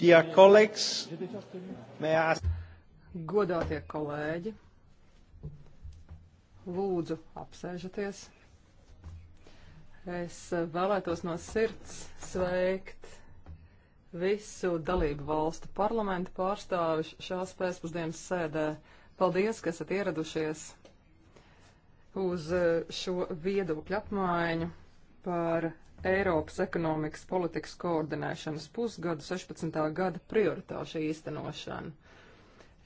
Dear colleagues, may I ask... Godātie kolēģi, lūdzu apsēžaties. Es vēlētos no sirds sveikt visu dalību valstu parlamentu pārstāvis šās pēcpusdienas sēdē. Paldies, ka esat ieradušies uz eh, šo viedokļu apmaiņu par Eiropas ekonomikas politikas koordinēšanas pusgadu 16. gada prioritāšu īstenošanu.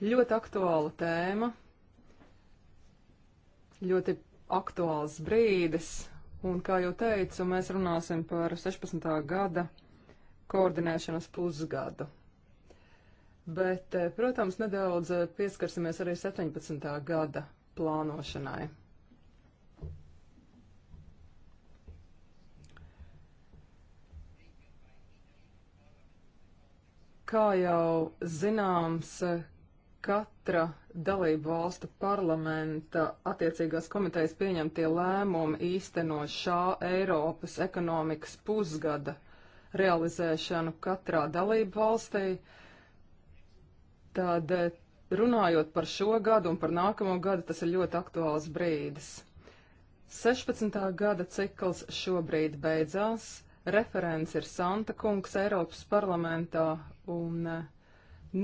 Ļoti aktuāla tēma, ļoti aktuāls brīdis, un, kā jau teicu, mēs runāsim par 16. gada koordinēšanas pusgadu. Bet, eh, protams, nedaudz eh, pieskarsimies arī 17. gada plānošanai. Kā jau zināms, katra dalību valstu parlamenta attiecīgās komitejas pieņemtie lēmumi īsteno šā Eiropas ekonomikas pusgada realizēšanu katrā dalību valstī, tad eh, runājot par šo gadu un par nākamo gadu, tas ir ļoti aktuāls brīdis. 16. gada cikls šobrīd beidzās, Referents ir Santa Kungs Eiropas parlamentā un eh,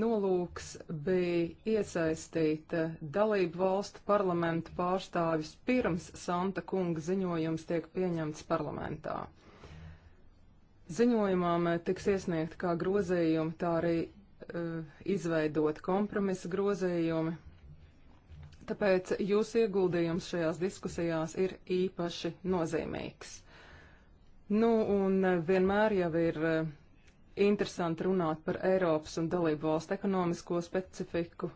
nolūks bija iesaistīt eh, dalību valstu parlamentu pārstāvis pirms Santa Kunga ziņojums tiek pieņemts parlamentā. Ziņojumam eh, tiks iesniegt kā grozējumi, tā arī izveidot kompromisa grozējumi. Tāpēc jūsu ieguldījums šajās diskusijās ir īpaši nozīmīgs. Nu, un eh, vienmēr jau ir eh, interesanti runāt par Eiropas un dalību valstu ekonomisko specifiku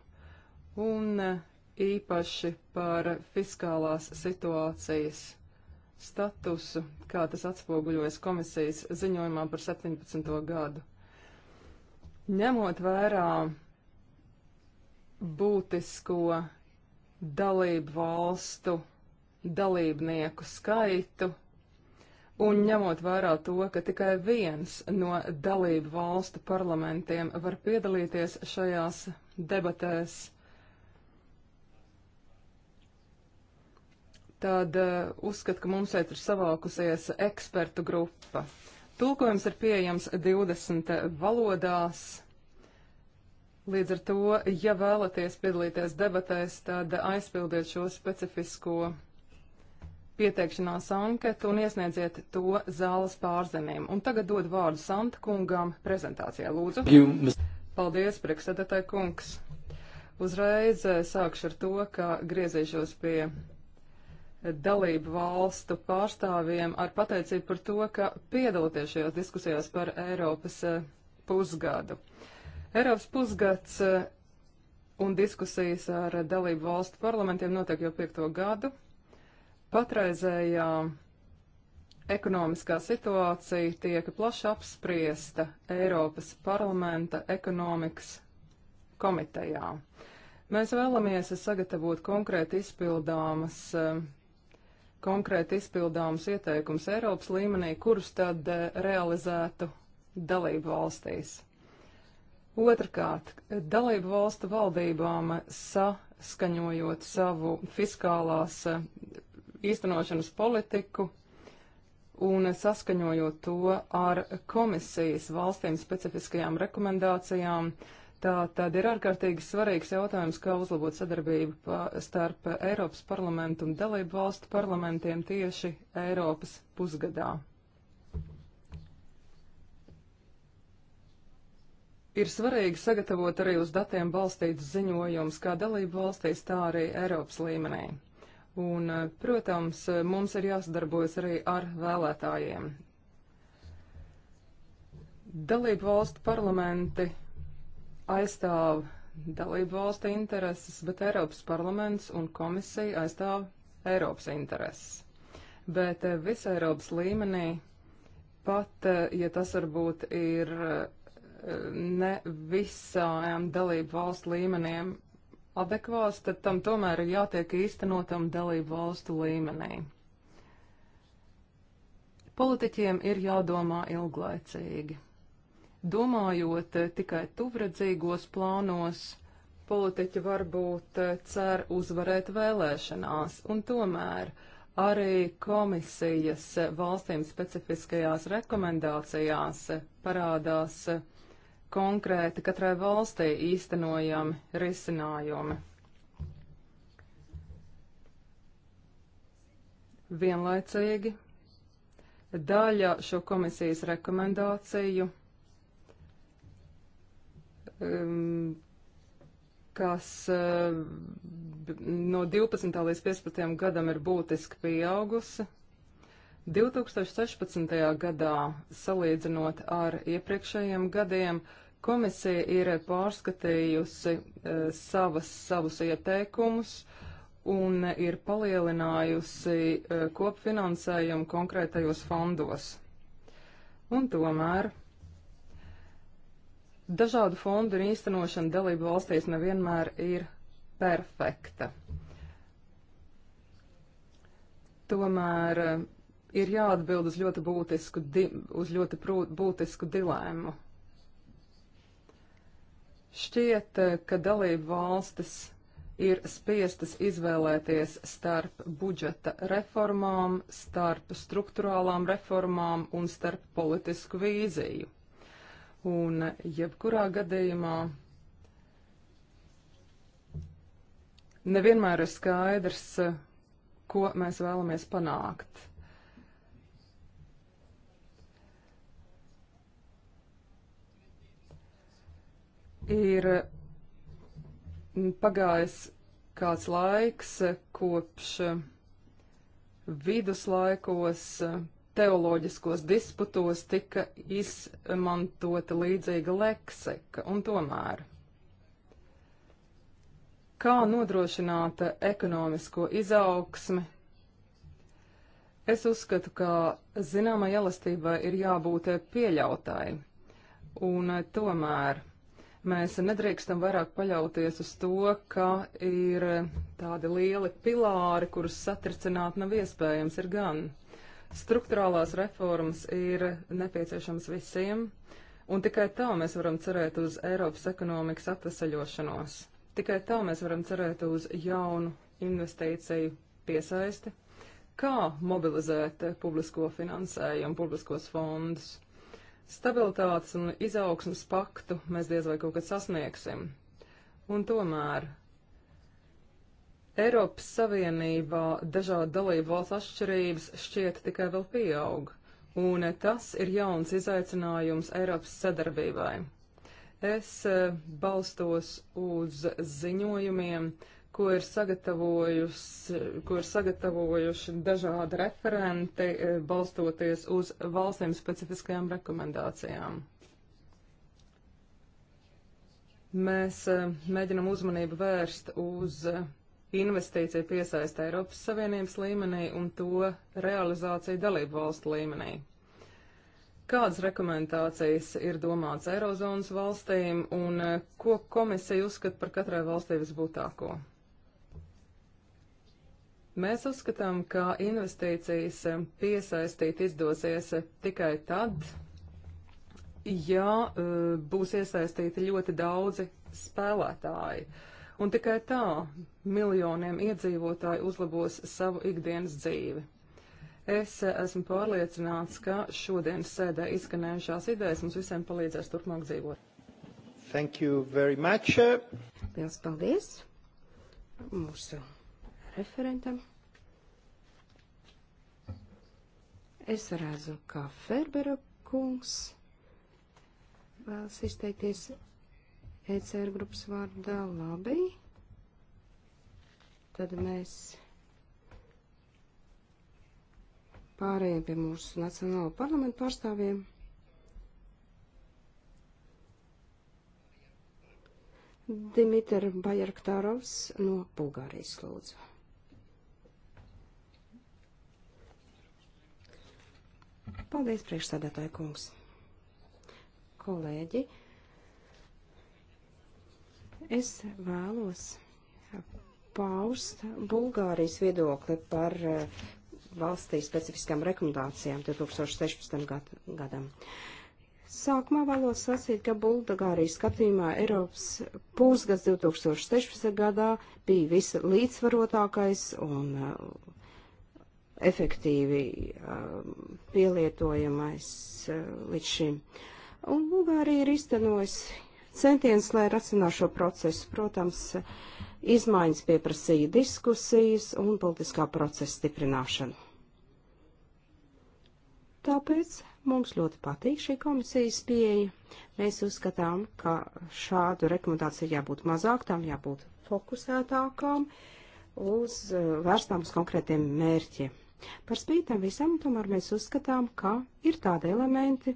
un eh, īpaši par fiskālās situācijas statusu, kā tas atspoguļojas komisijas ziņojumā par 17. gadu. Ņemot vērā būtisko dalību valstu dalībnieku skaitu Un ņemot vērā to, ka tikai viens no dalību valstu parlamentiem var piedalīties šajās debatēs, tad uh, uzskat, ka mums šeit ir savākusies ekspertu grupa. Tulkojums ir pieejams 20 valodās. Līdz ar to, ja vēlaties piedalīties debatēs, tad aizpildiet šo specifisko pieteikšanās anketu un iesniedziet to zāles pārzemēm. Un tagad dod vārdu Santa kungam prezentācijā, lūdzu. Paldies, priekšsēdētāji kungs. Uzreiz eh, sākšu ar to, ka griezīšos pie dalību valstu pārstāvjiem ar pateicību par to, ka piedalāties šajās diskusijās par Eiropas eh, pusgadu. Eiropas pusgads eh, un diskusijas ar dalību valstu parlamentiem notiek jau piekto gadu. Patreizējā ekonomiskā situācija tiek plaši apspriesta Eiropas parlamenta ekonomikas komitejā. Mēs vēlamies sagatavot konkrēti izpildāmas, e, konkrēti izpildāmas ieteikums Eiropas līmenī, kurus tad e, realizētu dalību valstīs. Otrakārt, dalību valstu valdībām saskaņojot savu fiskālās e, īstenošanas politiku un saskaņojot to ar komisijas valstīm specifiskajām rekomendācijām. Tā tad ir ārkārtīgi svarīgs jautājums, kā uzlabot sadarbību pa, starp Eiropas parlamentu un dalību valstu parlamentiem tieši Eiropas pusgadā. Ir svarīgi sagatavot arī uz datiem balstītus ziņojumus kā dalību valstīs, tā arī Eiropas līmenī. Un, eh, protams, mums ir jāsadarbojas arī ar vēlētājiem. Dalību valstu parlamenti aizstāv dalību valstu intereses, bet Eiropas parlaments un komisija aizstāv Eiropas intereses. Bet eh, visā Eiropas līmenī, pat eh, ja tas varbūt ir ne visām dalību valstu līmeniem adekvāts, tad tam tomēr ir jātiek īstenotam dalību valstu līmenī. Politiķiem ir jādomā ilglaicīgi. Domājot tikai tuvredzīgos plānos, politiķi varbūt cer uzvarēt vēlēšanās, un tomēr arī komisijas valstīm specifiskajās rekomendācijās parādās konkrēti katrai valstī īstenojami risinājumi. Vienlaicīgi daļa šo komisijas rekomendāciju, um, kas uh, no 12. līdz 15. gadam ir būtiski pieaugusi. 2016. gadā, salīdzinot ar iepriekšējiem gadiem, uh, Komisija ir pārskatījusi e, savas, savus ieteikumus un ir palielinājusi e, kopfinansējumu konkrētajos fondos. Un tomēr dažādu fondu un īstenošana dalību valstīs nevienmēr ir perfekta. Tomēr e, ir jāatbild uz ļoti būtisku, di, uz ļoti prūt, būtisku dilēmu. Šķiet, eh, ka dalību valstis ir spiestas izvēlēties starp budžeta reformām, starp struktūrālām reformām un starp politisku vīziju. Un jebkurā gadījumā nevienmēr ir skaidrs, eh, ko mēs vēlamies panākt. Ir pagājis kāds laiks kopš viduslaikos teoloģiskos disputos tika izmantota līdzīga leksika, un tomēr. Kā nodrošināt ekonomisko izaugsmi? Es uzskatu, ka zināmai elastībai ir jābūt pieļautai, un tomēr Mēs nedrīkstam vairāk paļauties uz to, ka ir tādi lieli pilāri, kurus satricināt nav iespējams, ir gan. Struktūrālās reformas ir nepieciešams visiem, un tikai tā mēs varam cerēt uz Eiropas ekonomikas atvesaļošanos. Tikai tā mēs varam cerēt uz jaunu investīciju piesaisti, kā mobilizēt publisko finansējumu, publiskos fondus. Stabilitātes un izaugsmas paktu mēs diez vai kaut kad sasniegsim. Un tomēr Eiropas Savienībā dažādu dalību valsts atšķirības šķiet tikai vēl pieaug, un tas ir jauns izaicinājums Eiropas sadarbībai. Es eh, balstos uz ziņojumiem, uh, ko ir, ko ir sagatavojuši dažādi referenti, e, balstoties uz valstīm specifiskajām rekomendācijām. Mēs e, mēģinam uzmanību vērst uz e, investīciju piesaista Eiropas Savienības līmenī un to realizāciju dalību valstu līmenī. Kādas rekomendācijas ir domāts Eirozonas valstīm un ko komisija uzskata par katrai valstī visbūtāko? Mēs uzskatām, ka investīcijas eh, piesaistīt izdosies eh, tikai tad, ja eh, būs iesaistīti ļoti daudzi spēlētāji. Un tikai tā miljoniem iedzīvotāji uzlabos savu ikdienas dzīvi. Es esmu pārliecināts, ka šodienas sēdē izskanējušās idejas mums visiem palīdzēs turpmāk dzīvot. Thank you very much. Pils paldies. Mūsu referentam. Es redzu, ka Ferbera kungs vēlas izteikties ECR grupas vārdā labi. Tad mēs pārējiem pie mūsu nacionālo parlamentu pārstāvjiem. Dimitr Bajarktārovs no Bulgārijas lūdzu. Paldies, priekšsēdētāja kungs. Kolēģi, es vēlos paust Bulgārijas viedokli par eh, valstī specifiskām rekomendācijām 2016. gadam. Sākumā vēlos sacīt, ka Bulgārijas skatījumā Eiropas pusgads 2016. gadā bija vislīdzvarotākais un eh, efektīvi um, pielietojamais uh, līdz šim. Un Bulgārija ir iztenojusi centiens, lai racionāli šo procesu, protams, izmaiņas pieprasīja diskusijas un politiskā procesa stiprināšanu. Tāpēc mums ļoti patīk šī komisijas pieeja. Mēs uzskatām, ka šādu rekomendāciju jābūt mazāk, tām jābūt fokusētākām uz uh, vērstām uz konkrētiem mērķiem. Par spītam visam, tomēr mēs uzskatām, ka ir tādi elementi,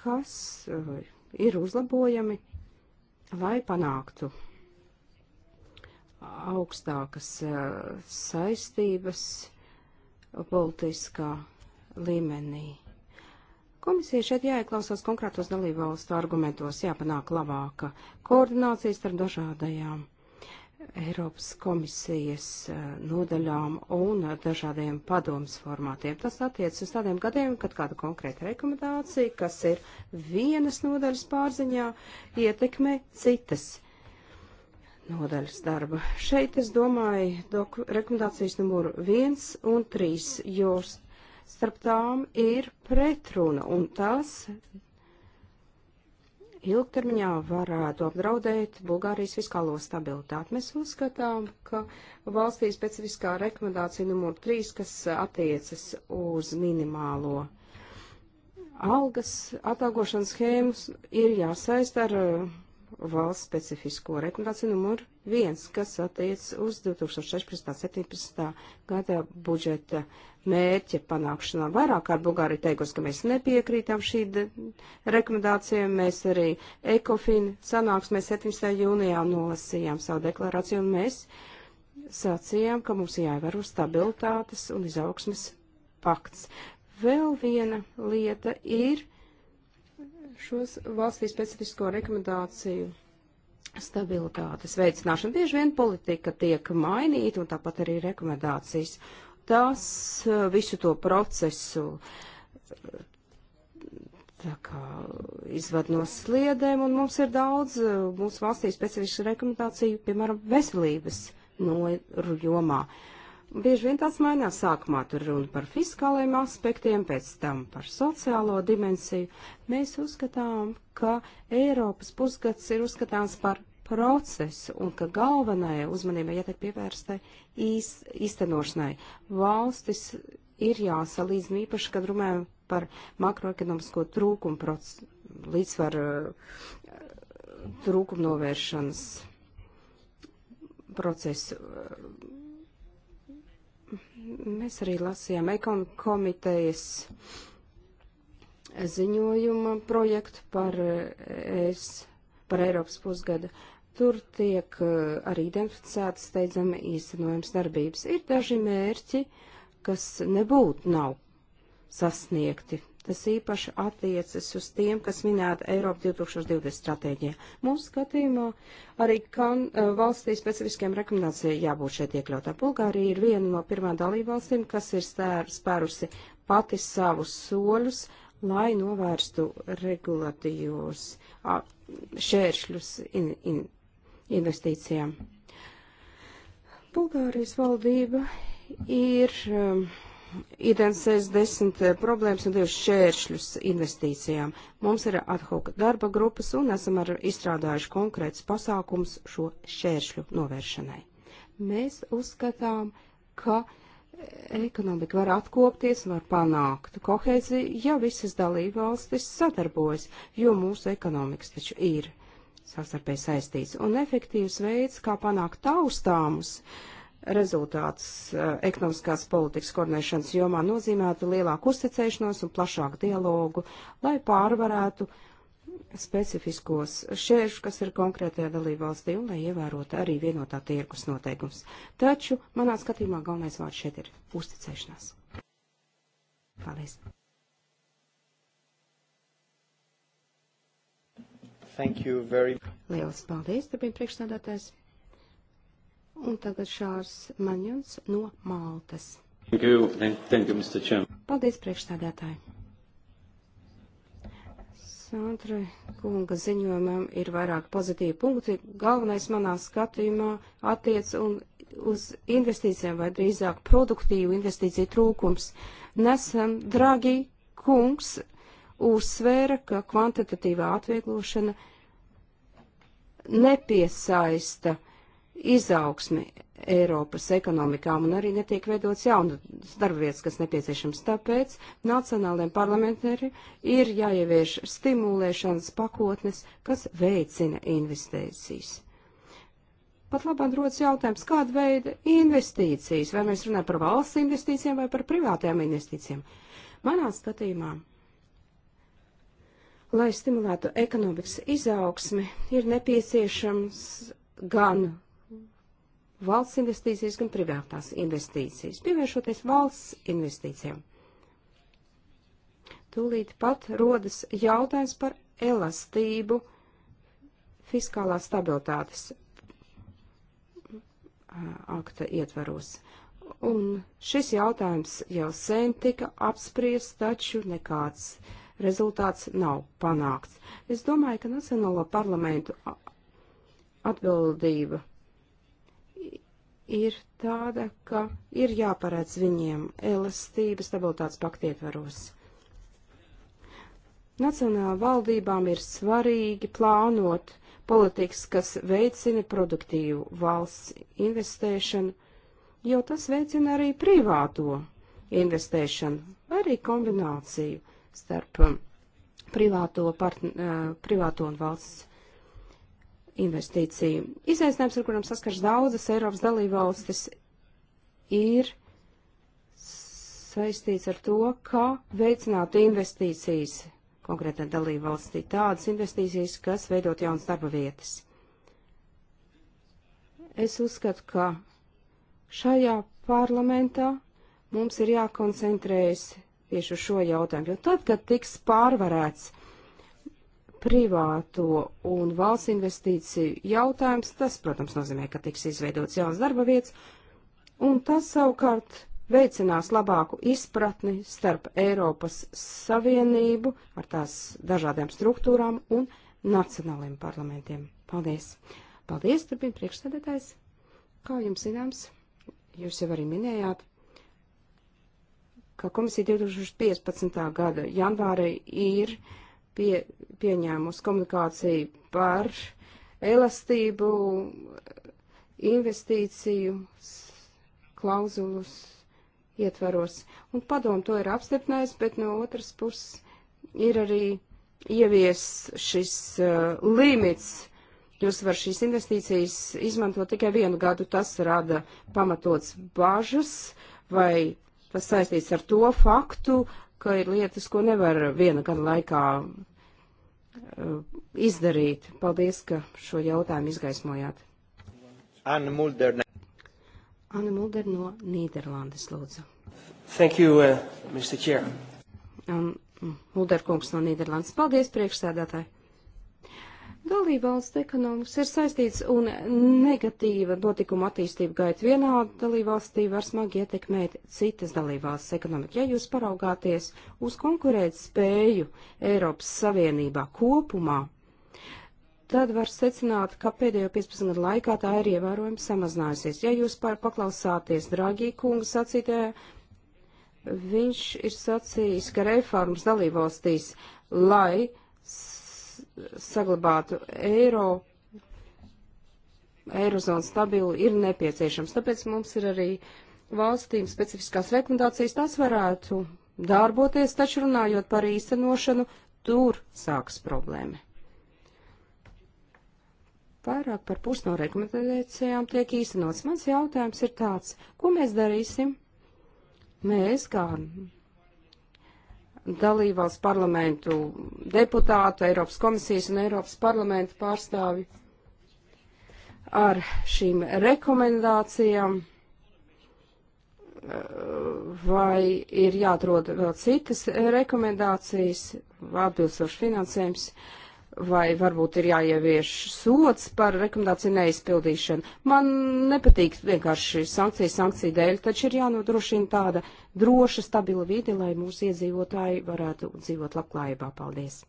kas eh, ir uzlabojami, lai panāktu augstākas eh, saistības politiskā līmenī. Komisija šeit jāieklausās konkrētos dalībvalstu argumentos, jāpanāk labāka koordinācija starp dažādajām Eiropas komisijas eh, nodaļām un dažādiem padomas formātiem. Tas attiecas uz tādiem gadiem, kad kāda konkrēta rekomendācija, kas ir vienas nodaļas pārziņā, ietekmē citas nodaļas darba. Šeit es domāju doku, rekomendācijas numuru 1 un 3, jo starp tām ir pretruna un tas ilgtermiņā varētu apdraudēt Bulgārijas fiskālo stabilitāti. Mēs uzskatām, ka valstī specifiskā rekomendācija numur 3, kas attiecas uz minimālo algas atalgošanas schēmas, ir jāsaist ar valsts specifisko rekomendāciju numur viens, kas attiec uz 2016.17. gada budžeta mērķa panākšanā. Vairāk kārt Bulgārija teikusi, ka mēs nepiekrītam šī rekomendācija. Mēs arī ECOFIN sanāksmē 17. jūnijā nolasījām savu deklarāciju un mēs sacījām, ka mums jāievēro stabilitātes un izaugsmes pakts. Vēl viena lieta ir šos valstī specifisko rekomendāciju stabilitātes veicināšanu. Bieži vien politika tiek mainīta un tāpat arī rekomendācijas. Tas eh, visu to procesu eh, tā kā izved no sliedēm, un mums ir daudz eh, mūsu valstī specifisku rekomendāciju, piemēram, veselības no jomā. Uh, Bieži vien tas mainās. Sākumā tur runa par fiskālajiem aspektiem, pēc tam par sociālo dimensiju. Mēs uzskatām, ka Eiropas pusgads ir uzskatāms par procesu un ka galvenajai uzmanībai jātiek pievērstai īs, īstenošanai. Valstis ir jāsalīdzina nu, īpaši, kad runājam par makroekonomisko trūkumu procesu, līdzsvaru trūkumu novēršanas procesu Mēs arī lasījām ekon komitejas ziņojuma projektu par, es, par Eiropas pusgada. Tur tiek eh, arī identificētas steidzami īstenojums darbības. Ir daži mērķi, kas nebūtu nav sasniegti. Tas īpaši attiecas uz tiem, kas minēta Eiropa 2020 stratēģijā. Mūsu skatījumā arī kan, eh, valstī specifiskiem rekomendācijām jābūt šeit iekļautā. Bulgārija ir viena no pirmā dalībvalstīm, kas ir spērusi pati savus soļus, lai novērstu regulatīvos šēršļus in, in, investīcijām. Bulgārijas valdība ir. Um, identificējis desmit eh, problēmas un divus šķēršļus investīcijām. Mums ir ad hoc darba grupas un esam ar izstrādājuši konkrēts pasākums šo šķēršļu novēršanai. Mēs uzskatām, ka eh, ekonomika var atkopties, var panākt kohēziju, ja visas dalībvalstis sadarbojas, jo mūsu ekonomikas taču ir savstarpēji saistīts. Un efektīvs veids, kā panākt taustāmus, uh, rezultāts eh, ekonomiskās politikas koordinēšanas jomā nozīmētu lielāku uzticēšanos un plašāku dialogu, lai pārvarētu specifiskos šķēršļus, kas ir konkrētajā dalībvalstī, un lai ievērotu arī vienotā tirkus noteikums. Taču manā skatījumā galvenais vārds šeit ir uzticēšanās. Paldies! Very... Lielas paldies, turpina priekšstādātājs. Un tagad Šārs Maņons no Maltas. Thank you. Thank you, Mr. Chairman. Paldies, priekšstādātāji. Sandra kunga ziņojumam ir vairāk pozitīvi punkti. Galvenais manā skatījumā attiec un uz investīcijām vai drīzāk produktīvu investīciju trūkums. Nesam, dragi kungs, uzsvēra, ka kvantitatīvā atvieglošana nepiesaista uh, izaugsmi Eiropas ekonomikām un arī netiek veidots jaunas darbvietas, kas nepieciešams. Tāpēc nacionāliem parlamentiem ir jāievieš stimulēšanas pakotnes, kas veicina investīcijas. Pat labāk rodas jautājums, kāda veida investīcijas, vai mēs runājam par valsts investīcijām vai par privātajām investīcijām. Manā skatījumā, lai stimulētu ekonomikas izaugsmi, ir nepieciešams gan valsts investīcijas, gan privātās investīcijas, pievēršoties valsts investīcijām. Tūlīt pat rodas jautājums par elastību fiskālās stabilitātes akta ietvaros. Un šis jautājums jau sen tika apspriests, taču nekāds rezultāts nav panākts. Es domāju, ka Nacionālo parlamentu atbildība ir tāda, ka ir jāparedz viņiem elastības stabilitātes paktietvaros. Nacionālām valdībām ir svarīgi plānot politikas, kas veicina produktīvu valsts investēšanu, jo tas veicina arī privāto investēšanu, arī kombināciju starp privāto, partn, eh, privāto un valsts investīciju. Izaicinājums, ar kuram saskars daudzas Eiropas dalībvalstis, ir saistīts ar to, kā veicināt investīcijas konkrētā dalībvalstī, tādas investīcijas, kas veidot jaunas darba vietas. Es uzskatu, ka šajā parlamentā mums ir jākoncentrējas tieši uz šo jautājumu, jo tad, kad tiks pārvarēts privāto un valsts investīciju jautājums, tas, protams, nozīmē, ka tiks izveidots jauns darba vietas, un tas savukārt veicinās labāku izpratni starp Eiropas Savienību ar tās dažādām struktūrām un nacionāliem parlamentiem. Paldies! Paldies, turpina priekšsēdētājs. Kā jums zināms, jūs jau arī minējāt, ka komisija 2015. gada janvārī ir uh, pie, pieņēmusi komunikāciju par elastību, investīciju, klauzulus ietvaros. Un padomu to ir apstiprinājis, bet no otras puses ir arī ievies šis uh, limits. Jūs varat šīs investīcijas izmantot tikai vienu gadu. Tas rada pamatots bažas, vai tas saistīts ar to faktu, ka ir lietas, ko nevar viena gada laikā izdarīt. Paldies, ka šo jautājumu izgaismojāt. Anna Mulder. Anna Mulder no Nīderlandes, lūdzu. Thank you, uh, Mr. Chair. Um, Mulder kungs no Nīderlandes. Paldies, priekšsēdētāji. Dalībvalsts ekonomikas ir saistīts un negatīva notikuma attīstība gaita vienā dalībvalstī var smagi ietekmēt citas dalībvalsts ekonomiku. Ja jūs paraugāties uz konkurēt spēju Eiropas Savienībā kopumā, tad var secināt, ka pēdējo 15 gadu laikā tā ir ievērojami samazinājusies. Ja jūs paklausāties Dragī kunga sacītē, viņš ir sacījis, ka reformas dalībvalstīs, lai saglabātu eiro, eirozonu stabilu, ir nepieciešams. Tāpēc mums ir arī valstīm specifiskās rekomendācijas, tās varētu darboties, taču runājot par īstenošanu, tur sāks problēma. Vairāk par pus no rekomendācijām tiek īstenots. Mans jautājums ir tāds, ko mēs darīsim? Mēs, kā dalībvalsts parlamentu deputātu, Eiropas komisijas un Eiropas parlamentu pārstāvi ar šīm rekomendācijām. Vai ir jāatrod vēl citas rekomendācijas, atbilstoši finansējums? Uh, vai varbūt ir jāievieš sots par rekomendāciju neizpildīšanu. Man nepatīk vienkārši sankcijas sankciju dēļ, taču ir jānodrošina tāda droša, stabila vide, lai mūsu iedzīvotāji varētu dzīvot labklājībā. Paldies!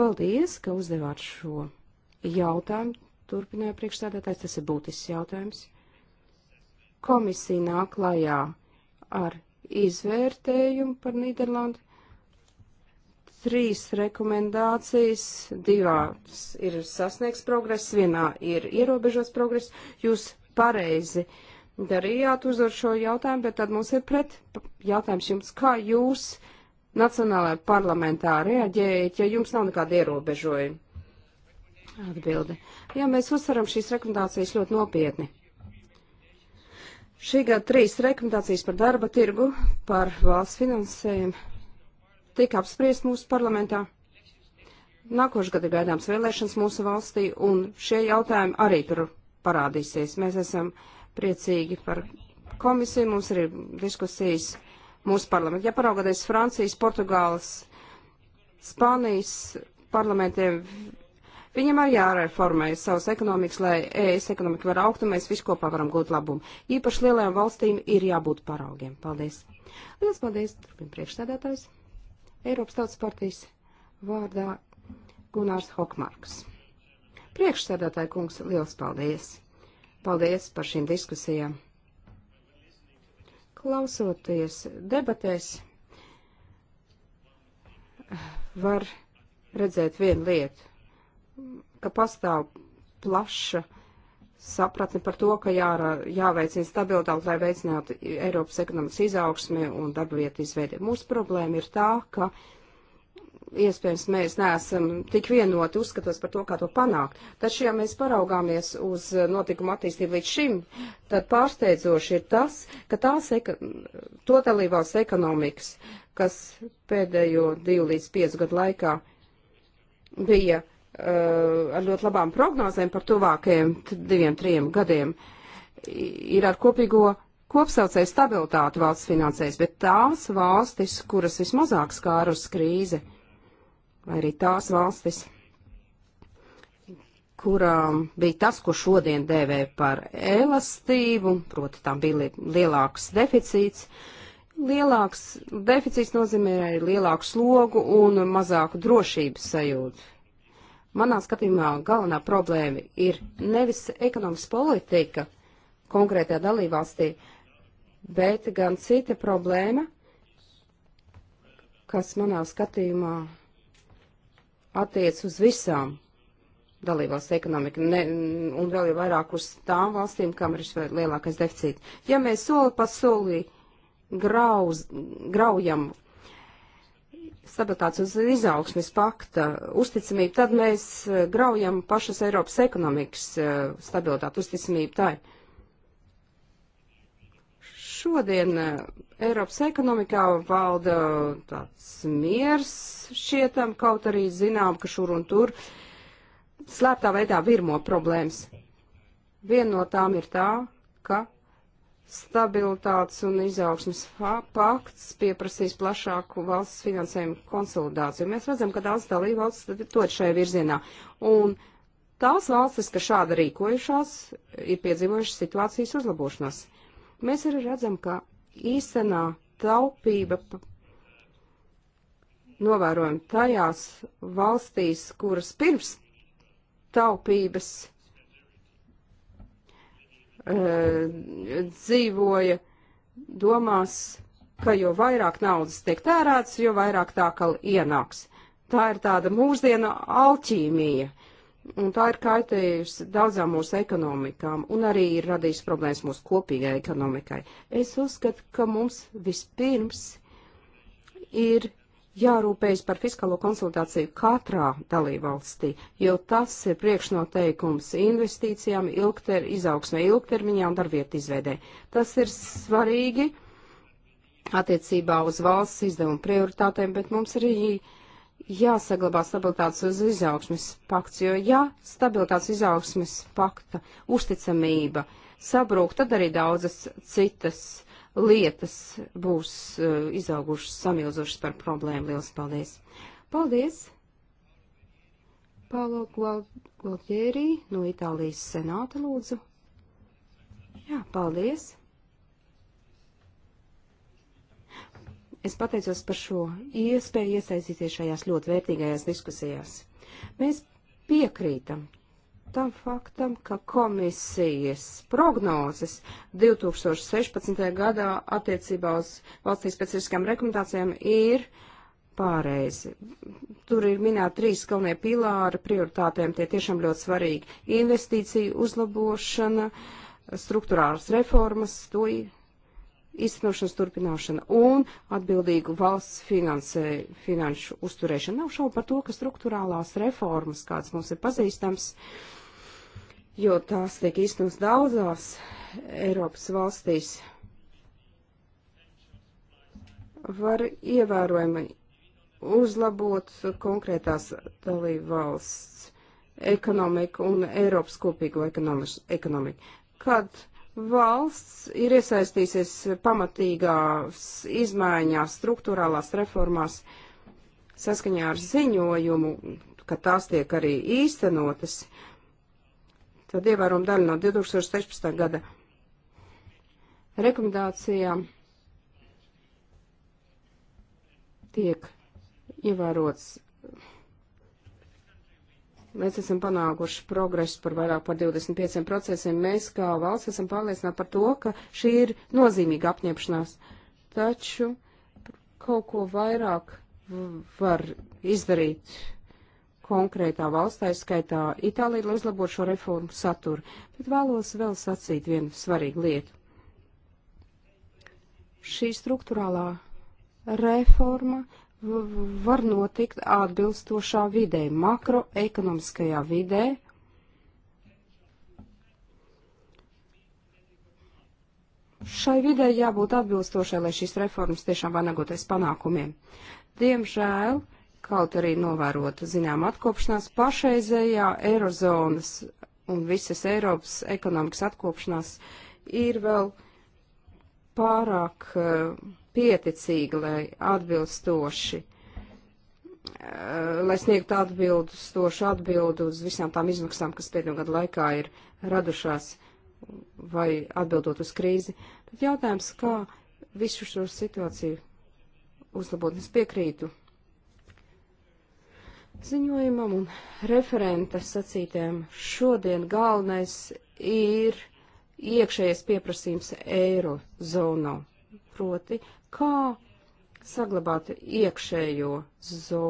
Paldies, ka uzdevāt šo jautājumu. Turpināja priekšstādātājs, tas ir būtisks jautājums. Komisija nāk klajā ar izvērtējumu par Nīderlandi trīs rekomendācijas, divās ir sasniegts progress, vienā ir ierobežots progress. Jūs pareizi darījāt uzdot šo jautājumu, bet tad mums ir pret jautājums jums, kā jūs Nacionālajā parlamentā reaģējat, ja jums nav nekāda ierobežojuma? Atbilde. Jā, mēs uzsveram šīs rekomendācijas ļoti nopietni. Šī gada trīs rekomendācijas par darba tirgu, par valsts finansējumu tika apspriest mūsu parlamentā. Nākošais gada gaidāms vēlēšanas mūsu valstī, un šie jautājumi arī tur parādīsies. Mēs esam priecīgi par komisiju, mums ir diskusijas mūsu parlamentā. Ja paraugoties Francijas, Portugāles, Spānijas parlamentiem, viņam arī jāreformē savas ekonomikas, lai ES ekonomika var augt, un mēs visi kopā varam gūt labumu. Īpaši lielajām valstīm ir jābūt paraugiem. Paldies! Liels paldies! Turpin priekšstādātājs! Eiropas Tautas partijas vārdā Gunārs Hokmarks. Priekšsēdētāji kungs, liels paldies! Paldies par šīm diskusijām! Klausoties debatēs, var redzēt vienu lietu, ka pastāv plaša sapratni par to, ka jāra, jāveicina stabilitāte, lai veicinātu Eiropas ekonomikas izaugsmi un darba vietu izveidi. Mūsu problēma ir tā, ka iespējams mēs neesam tik vienoti uzskatos par to, kā to panākt. Taču, ja mēs paraugāmies uz notikumu attīstību līdz šim, tad pārsteidzoši ir tas, ka tās eka, to dalībās ekonomikas, kas pēdējo divu līdz piecu gadu laikā bija Eh, ar ļoti labām prognozēm par tuvākajiem diviem, trim gadiem, ir ar kopīgo kopsaucēju stabilitāti valsts finansēs, bet tās valstis, kuras vismazāk skārus krīze, vai arī tās valstis, kurām bija tas, ko šodien dēvē par elastību, proti tam bija lielāks deficīts, lielāks deficīts nozīmē arī lielāku slogu un mazāku drošības sajūtu Manā skatījumā galvenā problēma ir nevis ekonomikas politika konkrētajā dalībvalstī, bet gan cita problēma, kas manā skatījumā attiec uz visām dalībvalstu ekonomiku, ne, un vēl jau vairāk uz tām valstīm, kam ir šis lielākais deficīts. Ja mēs soli pa solī grauz, graujam stabilitātes uz izaugsmes pakta uzticamību, tad mēs eh, graujam pašas Eiropas ekonomikas eh, stabilitāti, uzticamību tai. Šodien eh, Eiropas ekonomikā valda tāds miers šietam, kaut arī zinām, ka šur un tur slēptā veidā virmo problēmas. Viena no tām ir tā, ka Stabilitātes un izaugsmes pakts pieprasīs plašāku valsts finansējumu konsolidāciju. Mēs redzam, ka daudz dalību valsts dod šajā virzienā. Un tās valstis, kas šāda rīkojušās, ir piedzīvojušas situācijas uzlabošanos. Mēs arī redzam, ka īstenā taupība novērojam tajās valstīs, kuras pirms taupības Eh, dzīvoja domās, ka jo vairāk naudas tiek tērēts, jo vairāk tā kā ienāks. Tā ir tāda mūsdienu alķīmija, un tā ir kaitējusi daudzām mūsu ekonomikām, un arī ir radījusi problēmas mūsu kopīgai ekonomikai. Es uzskatu, ka mums vispirms ir jārūpējas par fiskālo konsultāciju katrā dalībvalstī, jo tas ir priekšnoteikums investīcijām, ilgter, izaugsmē ilgtermiņā un darbvietu izveidē. Tas ir svarīgi attiecībā uz valsts izdevumu prioritātēm, bet mums ir jāsaglabā stabilitātes uz izaugsmes pakts, jo ja stabilitātes izaugsmes pakta uzticamība sabrūk, tad arī daudzas citas lietas būs uh, izaugušas, samilzušas par problēmu. Lielas paldies! Paldies! Paolo Gualtieri no Itālijas senāta lūdzu. Jā, paldies! Es pateicos par šo iespēju iesaistīties šajās ļoti vērtīgajās diskusijās. Mēs piekrītam tam faktam, ka komisijas prognozes 2016. gadā attiecībā uz valstīs specifiskām rekomendācijām ir pārreizi. Tur ir minēti trīs galvenie pilāri prioritātēm, tie tiešām ļoti svarīgi. Investīcija uzlabošana, struktūrālas reformas, to īstenošanas turpināšana un atbildīgu valsts finansē, finanšu uzturēšana. Nav šaubu par to, ka struktūrālās reformas, kāds mums ir pazīstams, uh, jo tās tiek īstenos daudzās Eiropas valstīs, var ievērojami uzlabot konkrētās dalību valsts ekonomiku un Eiropas kopīgo ekonomiku. Kad valsts ir iesaistīsies pamatīgās izmaiņās, struktūrālās reformās, saskaņā ar ziņojumu, ka tās tiek arī īstenotas, uh, Tad ievērojama daļa no 2016. gada rekomendācijām tiek ievērots. Mēs esam panākuši progresu par vairāk par 25%. Mēs kā valsts esam pārliecināti par to, ka šī ir nozīmīga apņemšanās. Taču kaut ko vairāk var izdarīt konkrētā valstā, skaitā Itālija, lai uzlabotu šo reformu saturu. Bet vēlos vēl sacīt vienu svarīgu lietu. Šī struktūrālā reforma var notikt atbilstošā vidē, makroekonomiskajā vidē. Šai vidē jābūt atbilstošai, lai šīs reformas tiešām vanagoties panākumiem. Diemžēl kaut arī novērota zinām atkopšanās pašreizējā Eirozonas un visas Eiropas ekonomikas atkopšanās ir vēl pārāk uh, pieticīga, lai atbilstoši, uh, lai sniegtu atbilstošu atbildu uz visām tām izmaksām, kas pēdējo gadu laikā ir radušās vai atbildot uz krīzi. Tad jautājums, kā visu šo situāciju uzlabot, es piekrītu ziņojumam un referenta sacītēm. Šodien galvenais ir iekšējais pieprasījums eiro zonā, proti kā saglabāt iekšējo, zo,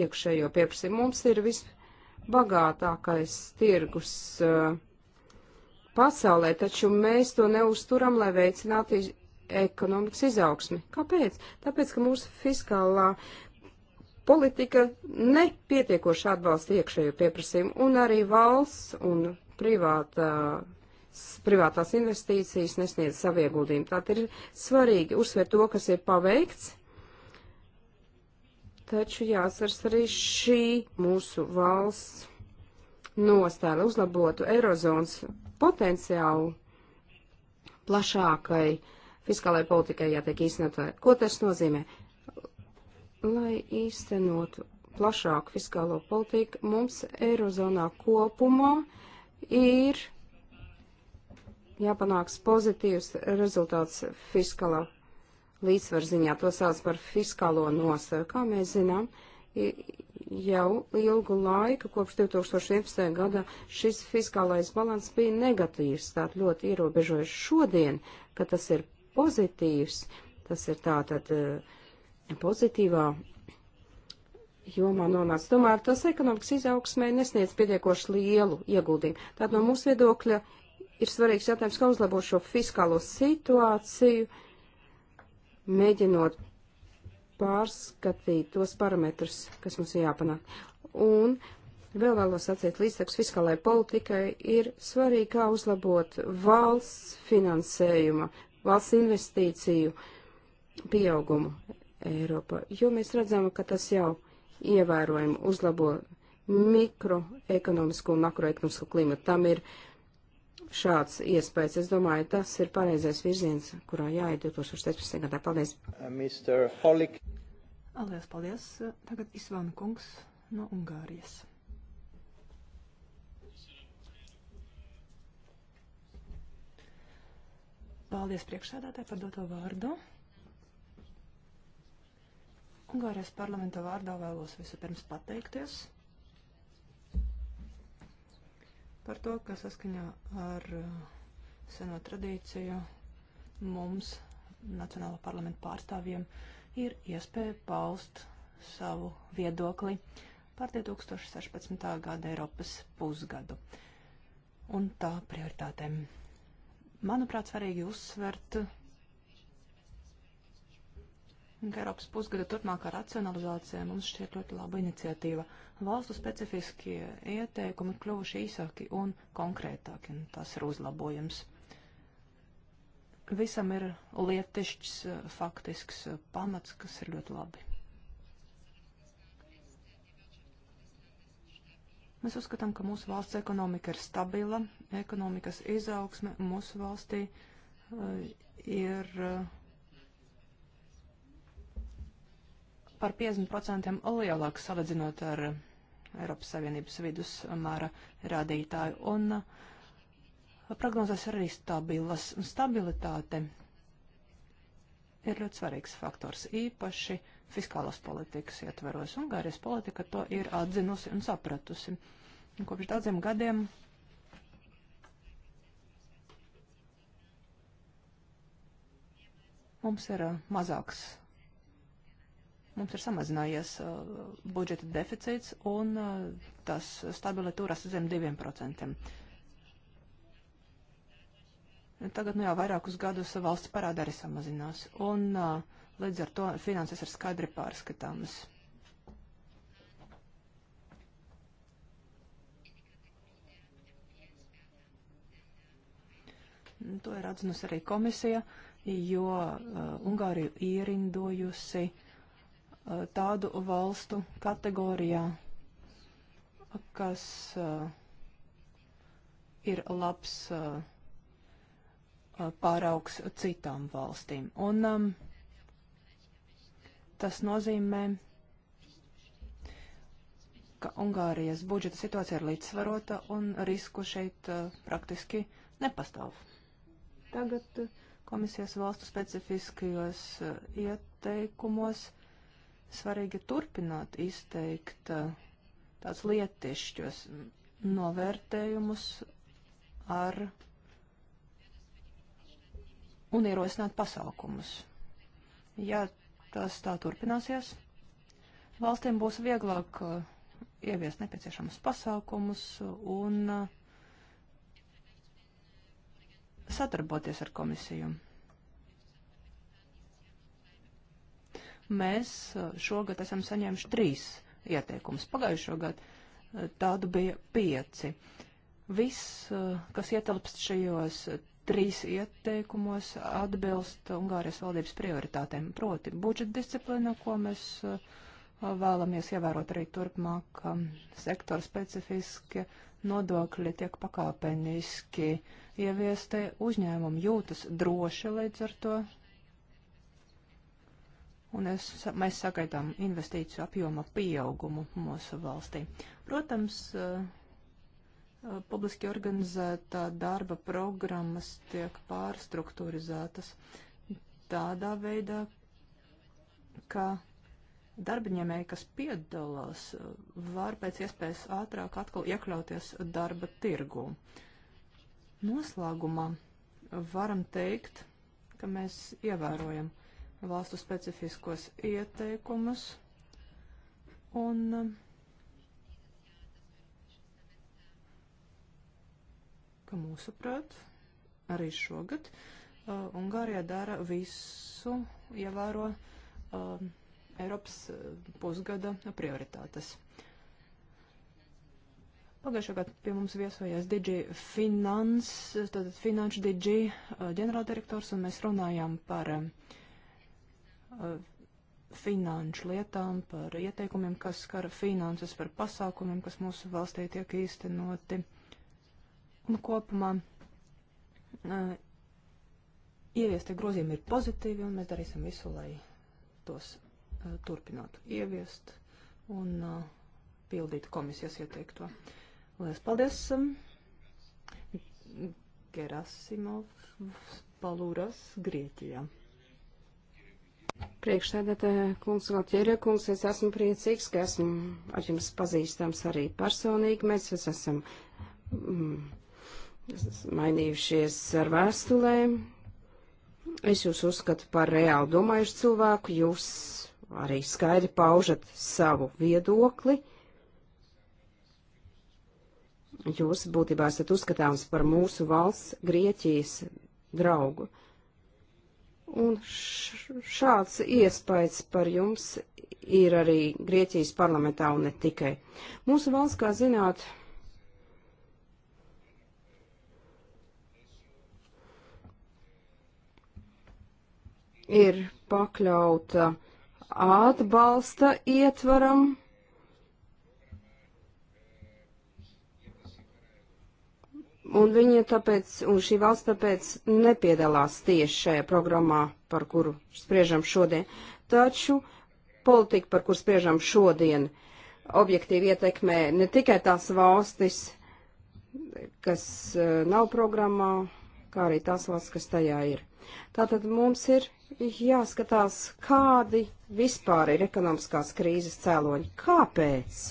iekšējo pieprasījumu. Mums ir visbagātākais tirgus uh, pasaulē, taču mēs to neuzturam, lai veicinātu ekonomikas izaugsmi. Kāpēc? Tāpēc, ka mūsu fiskālā politika nepietiekoši atbalsta iekšējo pieprasījumu, un arī valsts un privātā, privātās investīcijas nesniedz savu ieguldījumu. Tātad ir svarīgi uzsvērt to, kas ir paveikts, taču jāsars arī šī mūsu valsts nostāja uzlabotu Eirozonas potenciālu plašākai fiskālajai politikai jātiek īstenotā. Ko tas nozīmē? Lai īstenotu plašāku fiskālo politiku, mums Eirozonā kopumā ir jāpanāks pozitīvs rezultāts fiskālā līdzsvar ziņā. To sauc par fiskālo nosveru. Kā mēs zinām, jau ilgu laiku, kopš 2011. gada, šis fiskālais balans bija negatīvs, tāt ļoti ierobežojuši šodien, ka tas ir pozitīvs, tas ir tātad uh, pozitīvā jomā nonāca. Tomēr tas ekonomikas izaugsmē nesniedz pietiekoši lielu ieguldījumu. Tātad no mūsu viedokļa ir svarīgs jautājums, kā uzlabot šo fiskālo situāciju, mēģinot pārskatīt tos parametrus, kas mums ir jāpanāk. Un vēl vēlos atsiet līdztekus fiskālajai politikai ir svarīgi, kā uzlabot valsts finansējuma, valsts investīciju pieaugumu Eiropa, jo mēs redzam, ka tas jau ievērojami uzlabo mikroekonomisko un makroekonomisko klimatu. Tam ir šāds iespējas. Es domāju, tas ir pareizais virziens, kurā jāiet 2016. gadā. Paldies! Uh, Mr. Holik. Alies, paldies! Tagad Isvāna kungs no Ungārijas. Paldies priekšsēdētāji par doto vārdu. Ungārijas parlamenta vārdā vēlos vispirms pateikties par to, ka saskaņā ar uh, seno tradīciju mums, Nacionāla parlamenta pārstāvjiem, ir iespēja paust savu viedokli par 2016. gada Eiropas pusgadu un tā prioritātēm. Manuprāt, svarīgi uzsvert Un ka Eiropas pusgada turpmākā racionalizācija mums šķiet ļoti laba iniciatīva. Valstu specifiskie ieteikumi kļuvuši īsāki un konkrētāki, un tas ir uzlabojums. Visam ir lietišķs, faktisks pamats, kas ir ļoti labi. Mēs uzskatām, ka mūsu valsts ekonomika ir stabila, ekonomikas izaugsme mūsu valstī uh, ir uh, par 50% lielāks salīdzinot ar Eiropas Savienības vidusmēra rādītāju. Un uh, prognozēs arī stabilas. Stabilitāte ir ļoti svarīgs faktors, īpaši fiskālās politikas ietveros. Ungārijas politika to ir atzinusi un sapratusi. Un kopš daudziem gadiem mums ir uh, mazāks Mums ir samazinājies uh, budžeta deficīts un uh, tas stabili turas zem 2%. Tagad nu, jau vairākus gadus valsts parāda arī samazinās, un uh, līdz ar to finanses ir skaidri pārskatāmas. Nu, to ir atzinusi arī komisija, jo uh, Ungāriju ierindojusi uh, Uh, tādu valstu kategorijā, kas uh, ir labs uh, pāraugs citām valstīm. Un um, tas nozīmē, ka Ungārijas budžeta situācija ir līdzsvarota un risku šeit uh, praktiski nepastāv. Tagad uh, komisijas valstu specifiskajos uh, ieteikumos Svarīgi turpināt izteikt eh, tāds lietišķos novērtējumus ar un ierosināt pasākumus. Ja tas tā turpināsies, valstīm būs vieglāk eh, ieviest nepieciešamus pasākumus un eh, sadarboties ar komisiju. Mēs eh, šogad esam saņēmuši trīs ieteikumus. Pagājušo gadu eh, tādu bija pieci. Viss, eh, kas ietilpst šajos trīs ieteikumos, atbilst Ungārijas valdības prioritātēm, proti budžeta disciplīna, ko mēs vēlamies ievērot arī turpmāk, um, sektora specifiski nodokļi tiek pakāpeniski ieviesti, uzņēmumi jūtas droši līdz ar to, un es, mēs sagaidām investīciju apjoma pieaugumu mūsu valstī. Protams, eh, eh, publiski organizētā darba programmas tiek pārstruktūrizētas tādā veidā, ka darbiņēmēji, kas piedalās, eh, var pēc iespējas ātrāk atkal iekļauties darba tirgū. Noslēgumā varam teikt, ka mēs ievērojam valstu specifiskos ieteikumus. Un um, ka mūsuprāt, arī šogad uh, Ungārija dara visu, ievēro um, uh, Eiropas pusgada prioritātes. Pagājušajā gadā pie mums viesojās Digi Finans, tātad Finanšu Digi uh, ģenerāldirektors, un mēs runājām par uh, Uh, finanšu lietām, par ieteikumiem, kas skara finanses, par pasākumiem, kas mūsu valstī tiek īstenoti. Un kopumā uh, ieviestie grozījumi ir pozitīvi, un mēs darīsim visu, lai tos uh, turpinātu ieviest un uh, pildītu komisijas ieteikto. Lielas paldies! Um, Gerasimovs Paluras, Grieķijā. Priekšsēdētāja kungs, Valķēra kungs, es esmu priecīgs, ka esmu ar jums pazīstams arī personīgi. Mēs esam mm, mainījušies ar vēstulēm. Es jūs uzskatu par reāli domājušu cilvēku, jūs arī skaidri paužat savu viedokli. Jūs būtībā esat uzskatāms par mūsu valsts Grieķijas draugu. Uh, Un šāds iespējas par jums ir arī Grieķijas parlamentā un ne tikai. Mūsu valsts, kā zināt, ir pakļauta atbalsta ietvaram un viņa tāpēc, un šī valsts tāpēc nepiedalās tieši šajā programmā, par kuru spriežam šodien. Taču politika, par kuru spriežam šodien, objektīvi ietekmē ne tikai tās valstis, kas eh, nav programmā, kā arī tās valsts, kas tajā ir. Tātad mums ir jāskatās, kādi vispār ir ekonomiskās krīzes cēloņi. Kāpēc?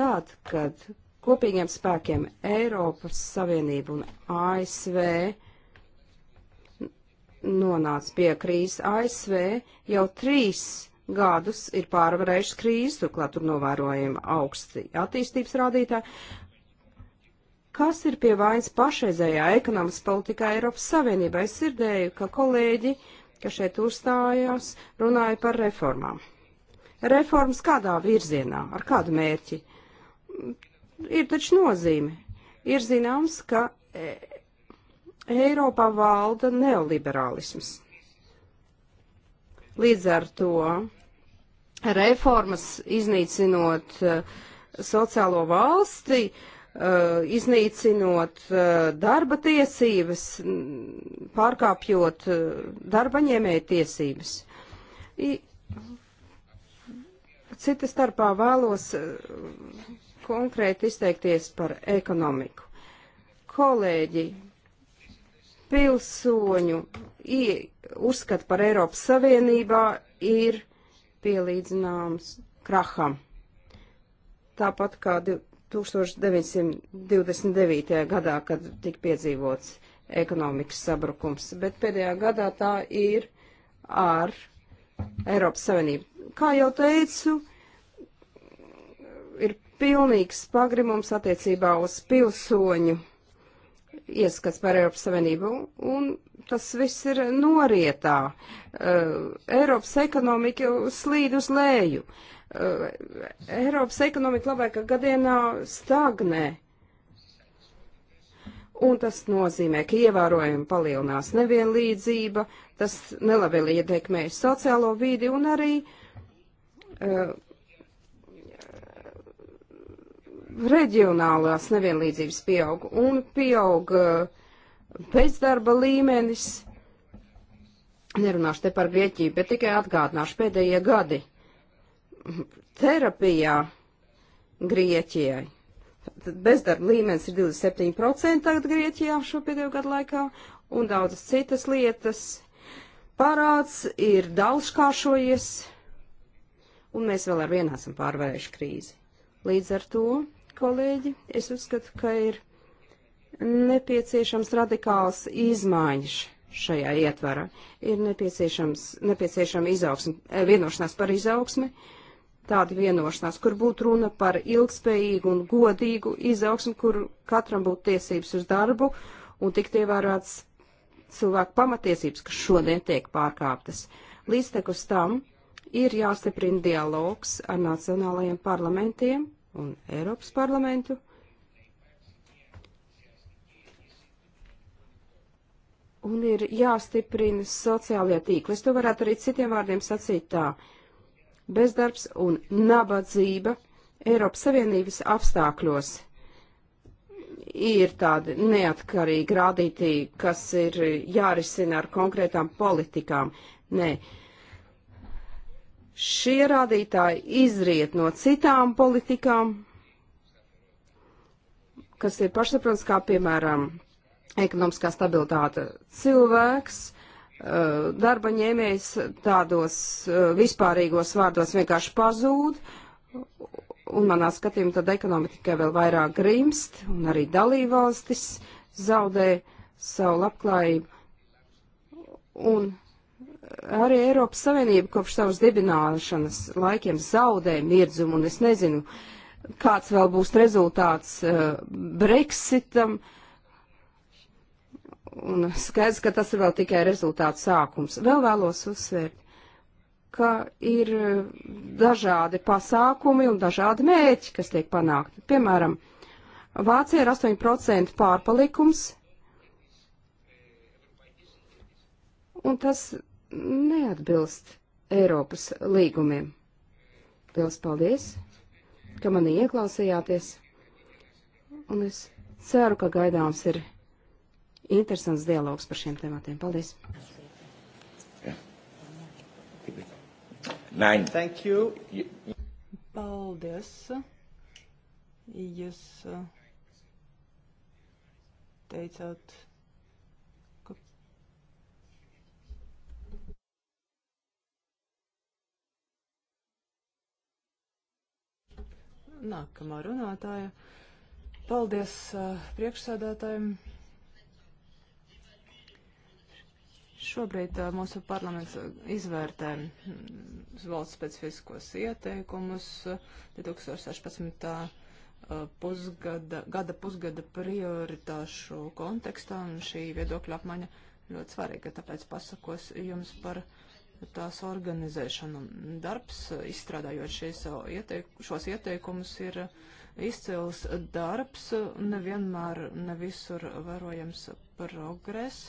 Tad, kad kopīgiem spēkiem Eiropas Savienība un ASV nonāca pie krīzes. ASV jau trīs gadus ir pārvarējuši krīzi, turklāt tur novērojama augsti attīstības rādītāji. Kas ir pie vainas pašreizējā ekonomikas politikā Eiropas Savienībā? Es dzirdēju, ka kolēģi, ka šeit uzstājās, runāja par reformām. Reformas kādā virzienā, ar kādu mērķi? ir taču nozīme. Ir zināms, ka e, Eiropā valda neoliberālisms. Līdz ar to reformas iznīcinot e, sociālo valsti, e, iznīcinot darba tiesības, pārkāpjot darbaņēmēju tiesības. Cita starpā vēlos konkrēti izteikties par ekonomiku. Kolēģi, pilsoņu uzskat par Eiropas Savienībā ir pielīdzināms kraham. Tāpat kā 1929. gadā, kad tika piedzīvots ekonomikas sabrukums, bet pēdējā gadā tā ir ar Eiropas Savienību. Kā jau teicu, pilnīgs pagrimums attiecībā uz pilsoņu ieskats par Eiropas Savienību, un tas viss ir norietā. Uh, Eiropas ekonomika slīd uz leju. Uh, Eiropas ekonomika labākā gadienā stagnē. Un tas nozīmē, ka ievērojami palielinās nevienlīdzība, tas nelabvēlīgi ietekmē sociālo vidi un arī uh, reģionālās nevienlīdzības pieaug un pieaug uh, bezdarba līmenis. Nerunāšu te par Grieķiju, bet tikai atgādināšu pēdējie gadi terapijā Grieķijai. Bezdarba līmenis ir 27% tagad Grieķijā šo pēdējo gadu laikā un daudzas citas lietas. Parāds ir daudzkāršojies un mēs vēl ar vienu esam pārvarējuši krīzi. Līdz ar to kolēģi, es uzskatu, ka ir nepieciešams radikāls izmaiņš šajā ietvarā. Ir nepieciešams, nepieciešama izaugsme, eh, vienošanās par izaugsmi, tāda vienošanās, kur būtu runa par ilgspējīgu un godīgu izaugsmu, kur katram būtu tiesības uz darbu un tikt ievērāts cilvēku pamatiesības, kas šodien tiek pārkāptas. Līdztekus tam ir jāstiprina dialogs ar nacionālajiem parlamentiem un Eiropas parlamentu. Un ir jāstiprina sociālajie tīkli. Es to varētu arī citiem vārdiem sacīt tā. Bezdarbs un nabadzība Eiropas Savienības apstākļos ir tādi neatkarīgi rādītī, kas ir jārisina ar konkrētām politikām. Nē, uh, Šie rādītāji izriet no citām politikām, kas ir pašsaprotams, kā piemēram ekonomiskā stabilitāte cilvēks, eh, darba ņēmējs tādos eh, vispārīgos vārdos vienkārši pazūd, un manā skatījumā tad ekonomika tikai vēl vairāk grimst, un arī dalībvalstis zaudē savu labklājību. Un arī Eiropas Savienība kopš savas dibināšanas laikiem zaudē mirdzumu, un es nezinu, kāds vēl būs rezultāts uh, Brexitam. Un skaidrs, ka tas ir vēl tikai rezultāts sākums. Vēl vēlos uzsvērt, ka ir uh, dažādi pasākumi un dažādi mērķi, kas tiek panākti. Piemēram, Vācija ir 8% pārpalikums, un tas neatbilst Eiropas līgumiem. Liels paldies, ka mani ieklausījāties, un es ceru, ka gaidāms ir interesants dialogs par šiem tematiem. Paldies! Nine. Thank you. Paldies. Jūs uh, teicāt Nākamā runātāja. Paldies uh, priekšsēdētājiem. Šobrīd uh, mūsu parlaments uh, izvērtē valsts specifiskos ieteikumus 2016. Uh, uh, pusgada, gada pusgada prioritāšu kontekstā, un šī viedokļa apmaiņa ļoti svarīga, tāpēc pasakos jums par uh, tās organizēšanu. Darbs, izstrādājot šīs, ieteik, šos ieteikumus, ir izcils darbs, nevienmēr, nevisur vērojams progress,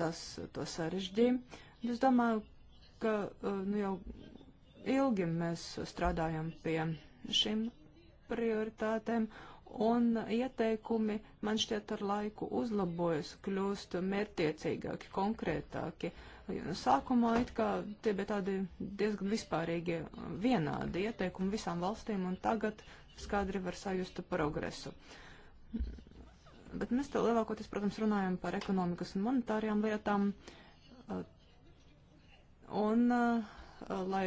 tas to sarežģīja. Es domāju, ka nu, jau ilgi mēs strādājam pie šīm prioritātēm, un ieteikumi man šķiet ar laiku uzlabojas, kļūst mērtiecīgāki, konkrētāki. Uh, Sākumā it kā tie bija tādi diezgan vispārīgi vienādi ieteikumi visām valstīm, un tagad skaidri var sajust progresu. Bet mēs te lielākoties, protams, runājam par ekonomikas un monetārijām lietām, un, lai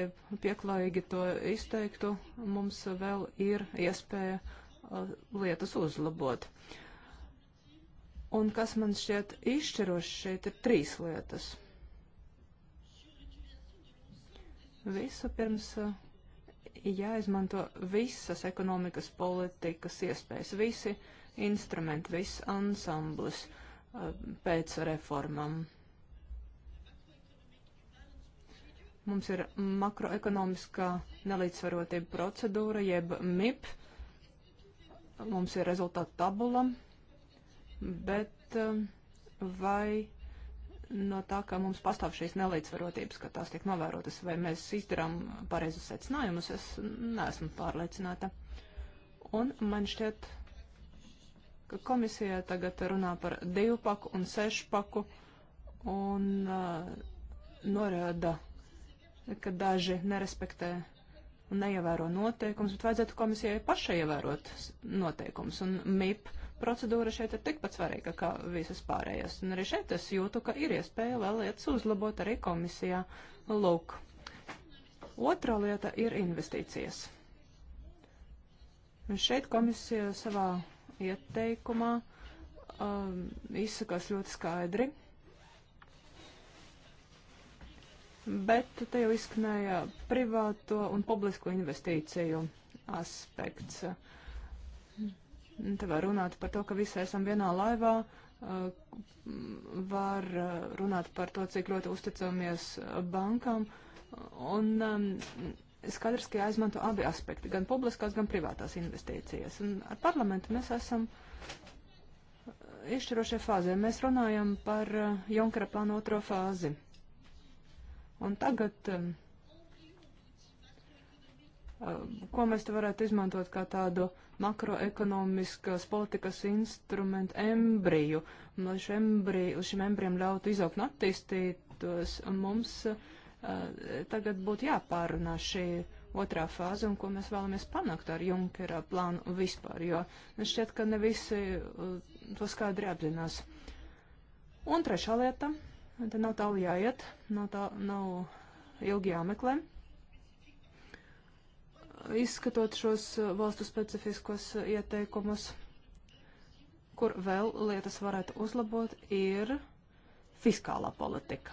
pieklājīgi to izteiktu, mums vēl ir iespēja lietas uzlabot. Un kas man šķiet izšķiroši šeit ir trīs lietas – Visu pirms eh, jāizmanto visas ekonomikas politikas iespējas, visi instrumenti, viss ansamblis eh, pēc reformām. Mums ir makroekonomiskā nelīdzsvarotība procedūra, jeb MIP. Mums ir rezultāta tabula, bet eh, vai no tā, ka mums pastāv šīs nelīdzsvarotības, ka tās tiek novērotas, vai mēs izdarām pareizus secinājumus, es neesmu pārliecināta. Un man šķiet, ka komisija tagad runā par divu paku un sešu paku un uh, norāda, ka daži nerespektē un neievēro noteikumus, bet vajadzētu komisijai pašai ievērot noteikumus. Un MIP uh, procedūra šeit ir tikpat svarīga kā visas pārējās. Un arī šeit es jūtu, ka ir iespēja vēl lietas uzlabot arī komisijā. Lūk. Otra lieta ir investīcijas. Un šeit komisija savā ieteikumā um, izsakās ļoti skaidri. Bet te jau izskanēja privāto un publisko investīciju aspekts. Uh, Te var runāt par to, ka visi esam vienā laivā, eh, var eh, runāt par to, cik ļoti uzticamies eh, bankām. Un skaidrs, ka jāizmanto abi aspekti, gan publiskās, gan privātās investīcijas. Un ar parlamentu mēs esam izšķirošajā fāzē. Mēs runājam par Junkara plānu otro fāzi. Un tagad um, Ehm, ko mēs te varētu izmantot kā tādu makroekonomiskas politikas instrumentu embriju, un lai embriju, šim embrijam ļautu izaugt un attīstītos, un mums uh, tagad būtu jāpārunā šī otrā fāze, un ko mēs vēlamies panākt ar Junkera plānu vispār, jo man šķiet, ka ne visi uh, to skaidri apzinās. Un trešā lieta, te nav tālu jāiet, nav, tā, nav ilgi jāmeklē izskatot šos eh, valstu specifiskos eh, ieteikumus, kur vēl lietas varētu uzlabot, ir fiskālā politika.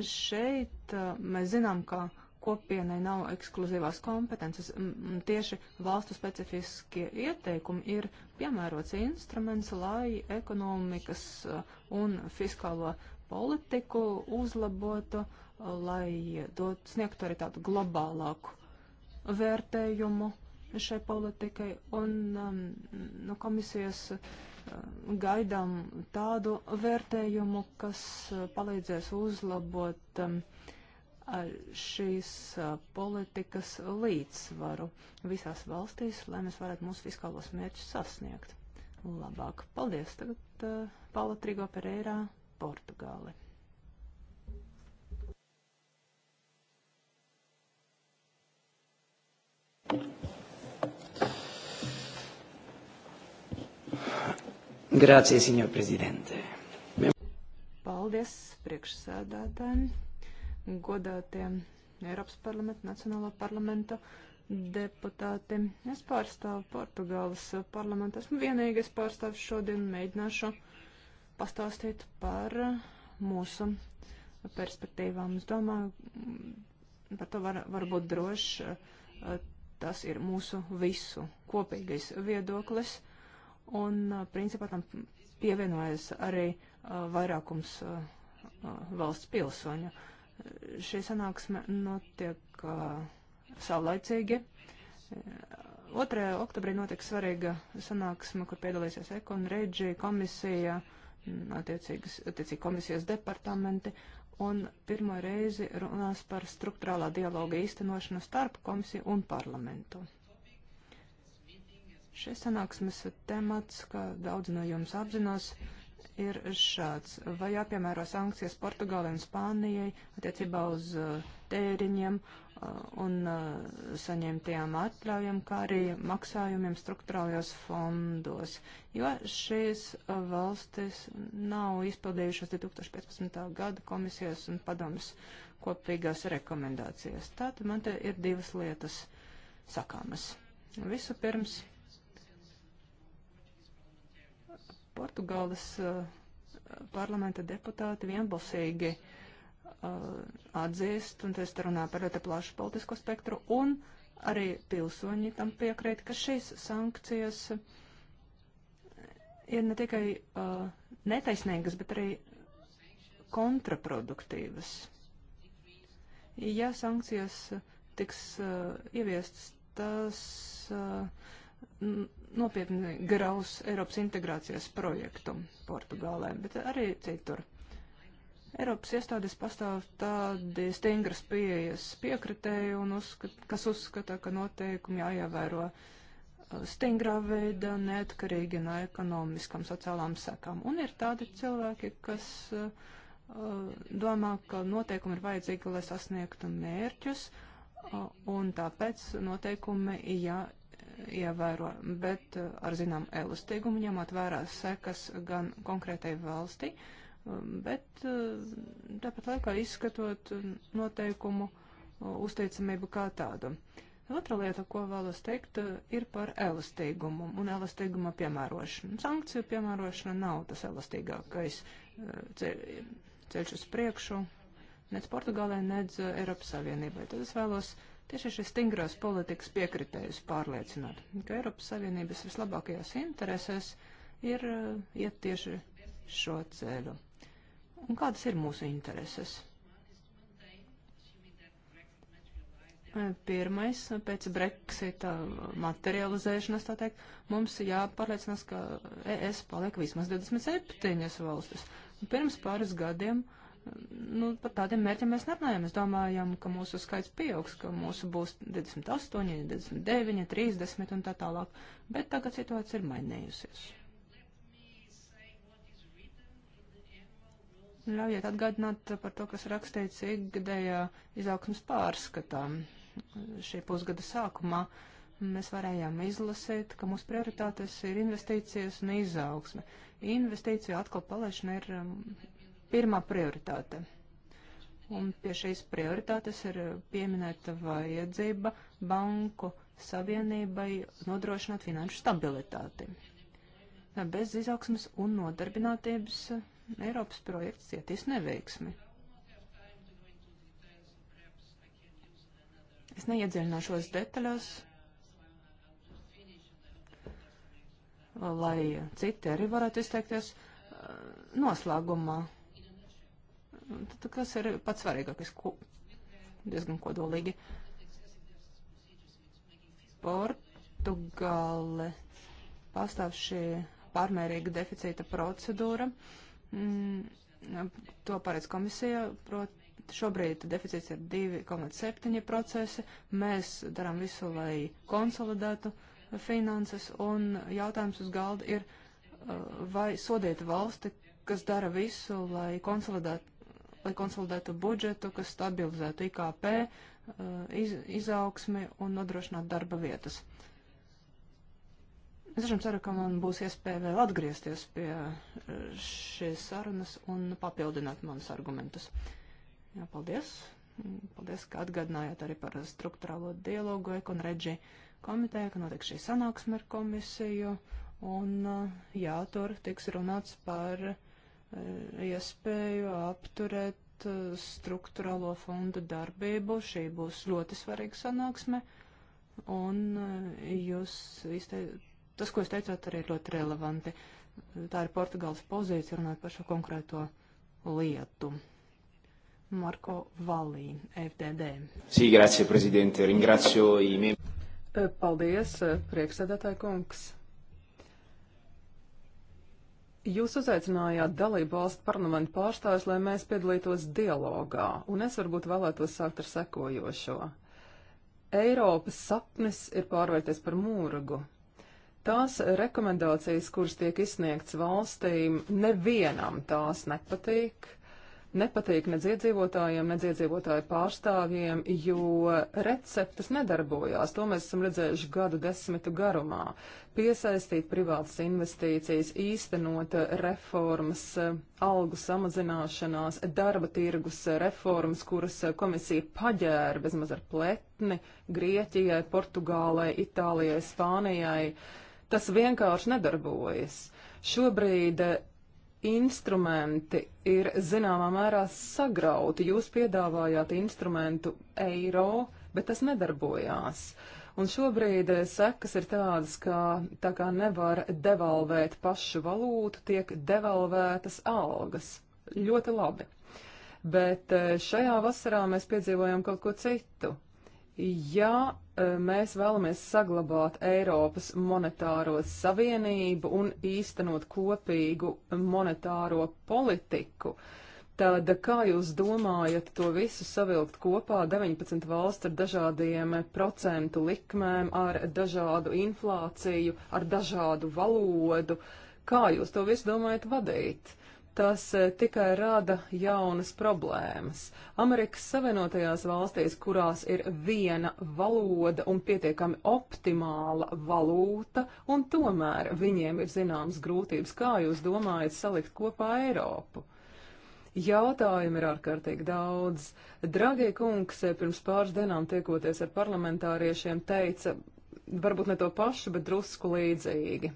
Šeit eh, mēs zinām, ka kopienai nav ekskluzīvās kompetences. Tieši valstu specifiskie ieteikumi ir piemērots instruments, lai ekonomikas un fiskālo politiku uzlabotu, lai dot, sniegtu arī tādu globālāku vērtējumu šai politikai. Un um, no nu, komisijas uh, gaidām tādu vērtējumu, kas uh, palīdzēs uzlabot um, šīs uh, politikas līdzsvaru visās valstīs, lai mēs varētu mūsu fiskālos mērķus sasniegt labāk. Paldies. Tagad uh, Paula Trigo Pereirā Portugāli. Grazie, signor Presidente. Paldies priekšsēdētājiem, godātiem Eiropas parlamenta, Nacionālā parlamenta deputāti. Es pārstāvu Portugāles parlamentu. Esmu vienīgais pārstāvis šodien, mēģināšu pastāstīt par mūsu perspektīvām. Es domāju, mm, par to var, var būt drošs. Eh, tas ir mūsu visu kopīgais viedoklis. Un, eh, principā, tam pievienojas arī eh, vairākums valsts pilsoņu. Šī sanāksme notiek saulaicīgi. 2. oktobrī notiek svarīga sanāksme, kur piedalīsies Ekon, Reģija, komisija, uh, attiecīgi komisijas departamenti, un pirmo reizi runās par struktūrālā dialoga īstenošanu starp komisiju un parlamentu. Šis sanāksmes temats, kā daudz no jums apzinās, ir šāds. Vai jāpiemēro sankcijas Portugālei un Spānijai attiecībā uz uh, patēriņiem uh, un uh, saņemtajām atļaujām, kā arī maksājumiem struktūrālajos fondos, jo šīs uh, valstis nav izpildījušas 2015. gada komisijas un padomas kopīgās rekomendācijas. Tātad man te ir divas lietas sakāmas. Visu pirms Portugāles parlamenta deputāti vienbalsīgi uh, Uh, atzīst, un es te runāju par ļoti plašu politisko spektru, un arī pilsoņi tam piekrīt, ka šīs sankcijas ir ne tikai uh, netaisnīgas, bet arī kontraproduktīvas. Ja sankcijas tiks uh, ieviestas, tas uh, nopietni graus Eiropas integrācijas projektu Portugālē, bet arī citur. Uh, Eiropas iestādes pastāv tādi stingras pieejas piekritēji, uzskat, kas uzskata, ka noteikumi jāievēro uh, stingrā veidā, neatkarīgi no ekonomiskām, sociālām sekām. Un ir tādi cilvēki, kas uh, uh domā, ka noteikumi ir vajadzīgi, lai sasniegtu mērķus, uh, un tāpēc noteikumi jāievēro, bet uh, ar zinām elastīgumu ņemot vērā sekas gan konkrētai valstī, uh, Um, bet uh, tāpat laikā izskatot noteikumu uh, uzticamību kā tādu. Otra lieta, ko vēlos teikt, uh, ir par elastīgumu un elastīguma piemērošanu. Sankciju piemērošana nav tas elastīgākais ceļš uz priekšu nec Portugālē, nec Eiropas Savienībai. Tad es vēlos tieši šīs stingrās politikas piekritējus pārliecināt, ka Eiropas Savienības vislabākajās interesēs ir iet tieši šo ceļu un kādas ir mūsu intereses. Pirmais, pēc Brexita uh, materializēšanas, tā teikt, mums jāpārliecinās, ka ES paliek vismaz 27 valstis. Pirms pāris gadiem, nu, par tādiem mērķiem mēs nerunājam. Mēs domājam, ka mūsu skaits pieaugs, ka mūsu būs 28, 29, 30 un tā tālāk. Bet tagad situācija ir mainījusies. Nu, ļaujiet atgādināt par to, kas rakstīts ikgadējā izaugsmas pārskatā. Šī pusgada sākumā mēs varējām izlasīt, ka mūsu prioritātes ir investīcijas un izaugsme. Investīciju atkal palaišana ir um, pirmā prioritāte. Un pie šīs prioritātes ir pieminēta vajadzība banku savienībai nodrošināt finanšu stabilitāti. Bez izaugsmas un nodarbinātības Eiropas projekts cietīs neveiksmi. Es neiedziļināšos detaļās, lai citi arī varētu izteikties eh, noslēgumā. Tad, kas ir pats svarīgākais? Ko, diezgan kodolīgi. Portugāle pastāv šī pārmērīga deficīta procedūra. Uh, Mm, to paredz komisija, proti šobrīd deficīts ir 2,7%. Mēs darām visu, lai konsolidētu finanses, un jautājums uz galda ir, uh, vai sodiet valsti, kas dara visu, lai konsolidētu, lai konsolidētu budžetu, kas stabilizētu IKP, uh, iz, izaugsmi un nodrošinātu darba vietas. Uh, tiešām ceru, ka man būs iespēja vēl atgriezties pie eh, šīs sarunas un papildināt manus argumentus. Jā, paldies! Paldies, ka atgādinājāt arī par struktūrālo dialogu Ekon Redži komiteja, ka notiek šī sanāksme ar komisiju. Un, eh, jā, tur tiks runāts par eh, iespēju apturēt struktūrālo fondu darbību. Šī būs ļoti svarīga sanāksme. Un jūs izteicat tas, ko jūs teicāt, arī ir ļoti relevanti. Tā ir Portugāles pozīcija runāt par šo konkrēto lietu. Marko Valī, FDD. Sī, grazie, prezidente. Ringrazio i membri. Eh, paldies, eh, priekšsēdētāji kungs. Jūs uzaicinājāt dalību valstu parlamentu pārstāvis, lai mēs piedalītos dialogā, un es varbūt vēlētos sākt ar sekojošo. Eiropas sapnis ir pārvērties par mūrgu, Tās rekomendācijas, kuras tiek izsniegts valstīm, nevienam tās nepatīk. Nepatīk nedz iedzīvotājiem, nedz iedzīvotāju pārstāvjiem, jo receptes nedarbojās. To mēs esam redzējuši gadu desmitu garumā. Piesaistīt privātas investīcijas, īstenot reformas, algu samazināšanās, darba tirgus reformas, kuras komisija paģēra bezmaz ar pletni Grieķijai, Portugālei, Itālijai, Spānijai Tas vienkārši nedarbojas. Šobrīd eh, instrumenti ir zināmā mērā sagrauti. Jūs piedāvājāt instrumentu eiro, bet tas nedarbojās. Un šobrīd eh, sekas ir tādas, ka tā kā nevar devalvēt pašu valūtu, tiek devalvētas algas. Ļoti labi. Bet eh, šajā vasarā mēs piedzīvojam kaut ko citu. Ja e, mēs vēlamies saglabāt Eiropas monetāro savienību un īstenot kopīgu monetāro politiku, tad kā jūs domājat to visu savilkt kopā 19 valsts ar dažādiem procentu likmēm, ar dažādu inflāciju, ar dažādu valodu? Kā jūs to visu domājat vadīt? tas eh, tikai rada jaunas problēmas. Amerikas Savienotajās valstīs, kurās ir viena valoda un pietiekami optimāla valūta, un tomēr viņiem ir zināmas grūtības, kā jūs domājat salikt kopā Eiropu. Jautājumi ir ārkārtīgi daudz. Dragie kungs, eh, pirms pāris dienām tiekoties ar parlamentāriešiem, teica, varbūt ne to pašu, bet drusku līdzīgi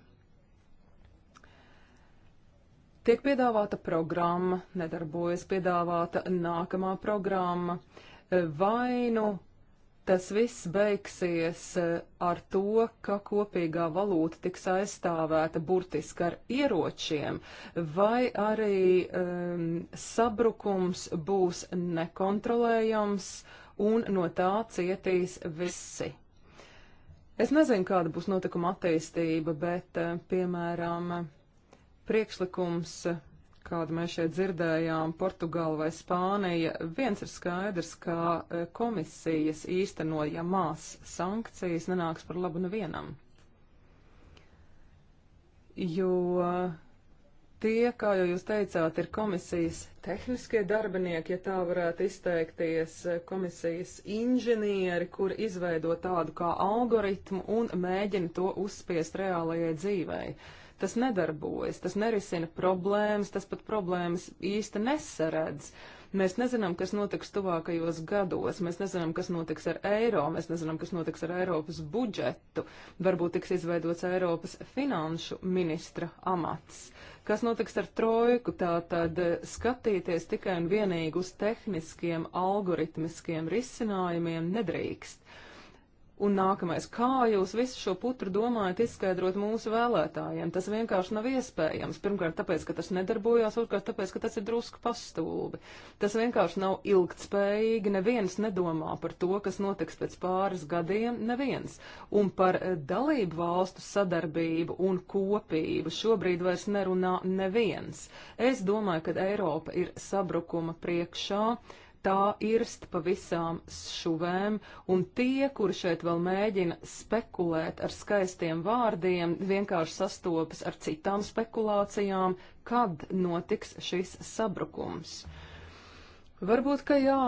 Tiek piedāvāta programma, nedarbojas piedāvāta nākamā programma. Vai nu tas viss beigsies eh, ar to, ka kopīgā valūta tiks aizstāvēta burtiski ar ieročiem, vai arī um, sabrukums būs nekontrolējams un no tā cietīs visi. Es nezinu, kāda būs notikuma attīstība, bet, eh, piemēram, priekšlikums, kādu mēs šeit dzirdējām, Portugāla vai Spānija, viens ir skaidrs, ka e, komisijas īstenojamās sankcijas nenāks par labu nevienam. Jo tie, kā jau jūs teicāt, ir komisijas tehniskie darbinieki, ja tā varētu izteikties, e, komisijas inženieri, kur izveido tādu kā algoritmu un mēģina to uzspiest reālajai dzīvei. Uh, Tas nedarbojas, tas nerisina problēmas, tas pat problēmas īsti nesaredz. Mēs nezinām, kas notiks tuvākajos gados, mēs nezinām, kas notiks ar eiro, mēs nezinām, kas notiks ar Eiropas budžetu. Varbūt tiks izveidots Eiropas finanšu ministra amats. Kas notiks ar trojku, tā tad eh, skatīties tikai un vienīgi uz tehniskiem, algoritmiskiem risinājumiem nedrīkst. Un nākamais, kā jūs visu šo putru domājat izskaidrot mūsu vēlētājiem? Tas vienkārši nav iespējams. Pirmkārt, tāpēc, ka tas nedarbojās, otrkārt, tāpēc, ka tas ir drusku pastūbi. Tas vienkārši nav ilgtspējīgi. Neviens nedomā par to, kas notiks pēc pāris gadiem. Neviens. Un par eh, dalību valstu sadarbību un kopību šobrīd vairs nerunā neviens. Es domāju, ka Eiropa ir sabrukuma priekšā tā irst pa visām šuvēm, un tie, kuri šeit vēl mēģina spekulēt ar skaistiem vārdiem, vienkārši sastopas ar citām spekulācijām, kad notiks šis sabrukums. Varbūt, ka jā,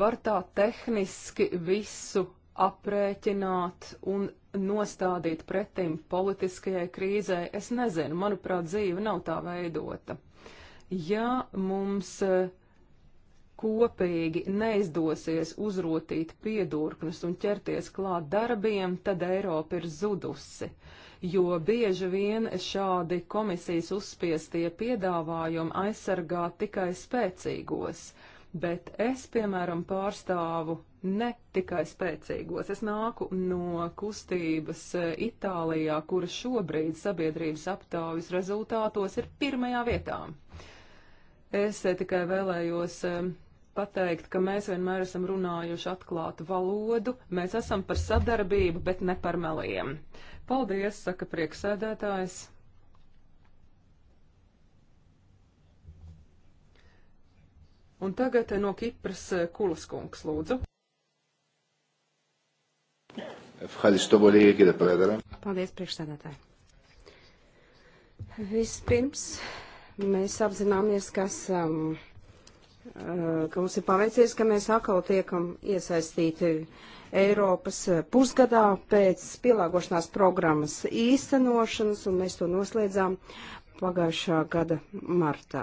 var tā tehniski visu aprēķināt un nostādīt pretim politiskajai krīzē. Es nezinu, manuprāt, dzīve nav tā veidota. Ja mums uh, kopīgi neizdosies uzrotīt piedurknus un ķerties klāt darbiem, tad Eiropa ir zudusi jo bieži vien šādi komisijas uzspiestie piedāvājumi aizsargā tikai spēcīgos, bet es, piemēram, pārstāvu ne tikai spēcīgos. Es nāku no kustības eh, Itālijā, kura šobrīd sabiedrības aptaujas rezultātos ir pirmajā vietā. Es eh, tikai vēlējos eh, pateikt, ka mēs vienmēr esam runājuši atklātu valodu, mēs esam par sadarbību, bet ne par meliem. Paldies, saka prieksēdētājs. Un tagad no Kipras eh, Kulas kungs, lūdzu. Paldies, priekšstādātāji. Vispirms mēs apzināmies, ka esam. Um, ka mums ir paveicies, ka mēs atkal tiekam iesaistīti Eiropas pusgadā pēc pielāgošanās programmas īstenošanas, un mēs to noslēdzām pagājušā gada martā.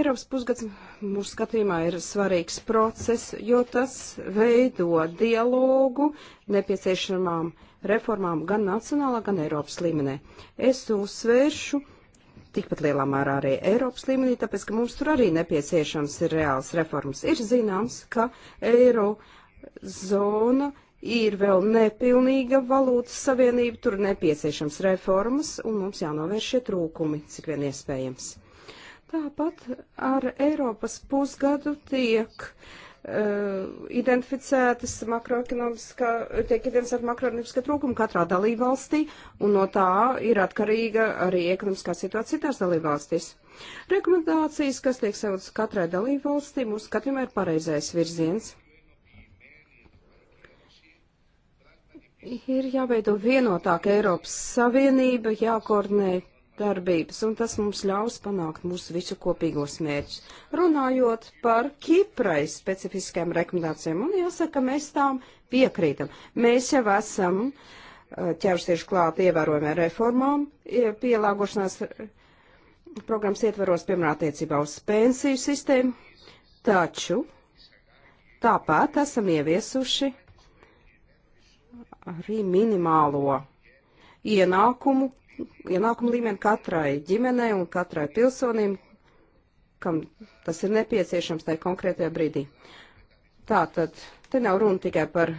Eiropas pusgads mūsu skatījumā ir svarīgs process, jo tas veido dialogu nepieciešamām reformām gan nacionālā, gan Eiropas līmenē. Es uzsvēršu tikpat lielā mērā arī Eiropas līmenī, tāpēc, ka mums tur arī nepieciešams ir reāls reformas. Ir zināms, ka eiro zona ir vēl nepilnīga valūtas savienība, tur nepieciešams reformas un mums jānovērš šie trūkumi, cik vien iespējams. Tāpat ar Eiropas pusgadu tiek Eh, identificētas makroekonomiskā, tiek identificēta makroekonomiskā trūkuma katrā dalībvalstī, un no tā ir atkarīga arī ekonomiskā situācija citās dalībvalstīs. Rekomendācijas, kas tiek savutas katrai dalībvalstī, mūsu skatījumā ir pareizais virziens. Ir jāveido vienotāka Eiropas Savienība, jākoordinē darbības, un tas mums ļaus panākt mūsu visu kopīgos mērķus. Runājot par Kiprai specifiskajām rekomendācijām, un jāsaka, mēs tām piekrītam. Mēs jau esam uh, ķērusies klāt ievērojumē reformām, pielāgošanās programmas ietveros, piemēram, attiecībā uz pensiju sistēmu, taču tāpat esam ieviesuši arī minimālo ienākumu ienākumu līmeni katrai ģimenei un katrai pilsonim, kam tas ir nepieciešams tajā konkrētajā brīdī. Tātad te nav runa tikai par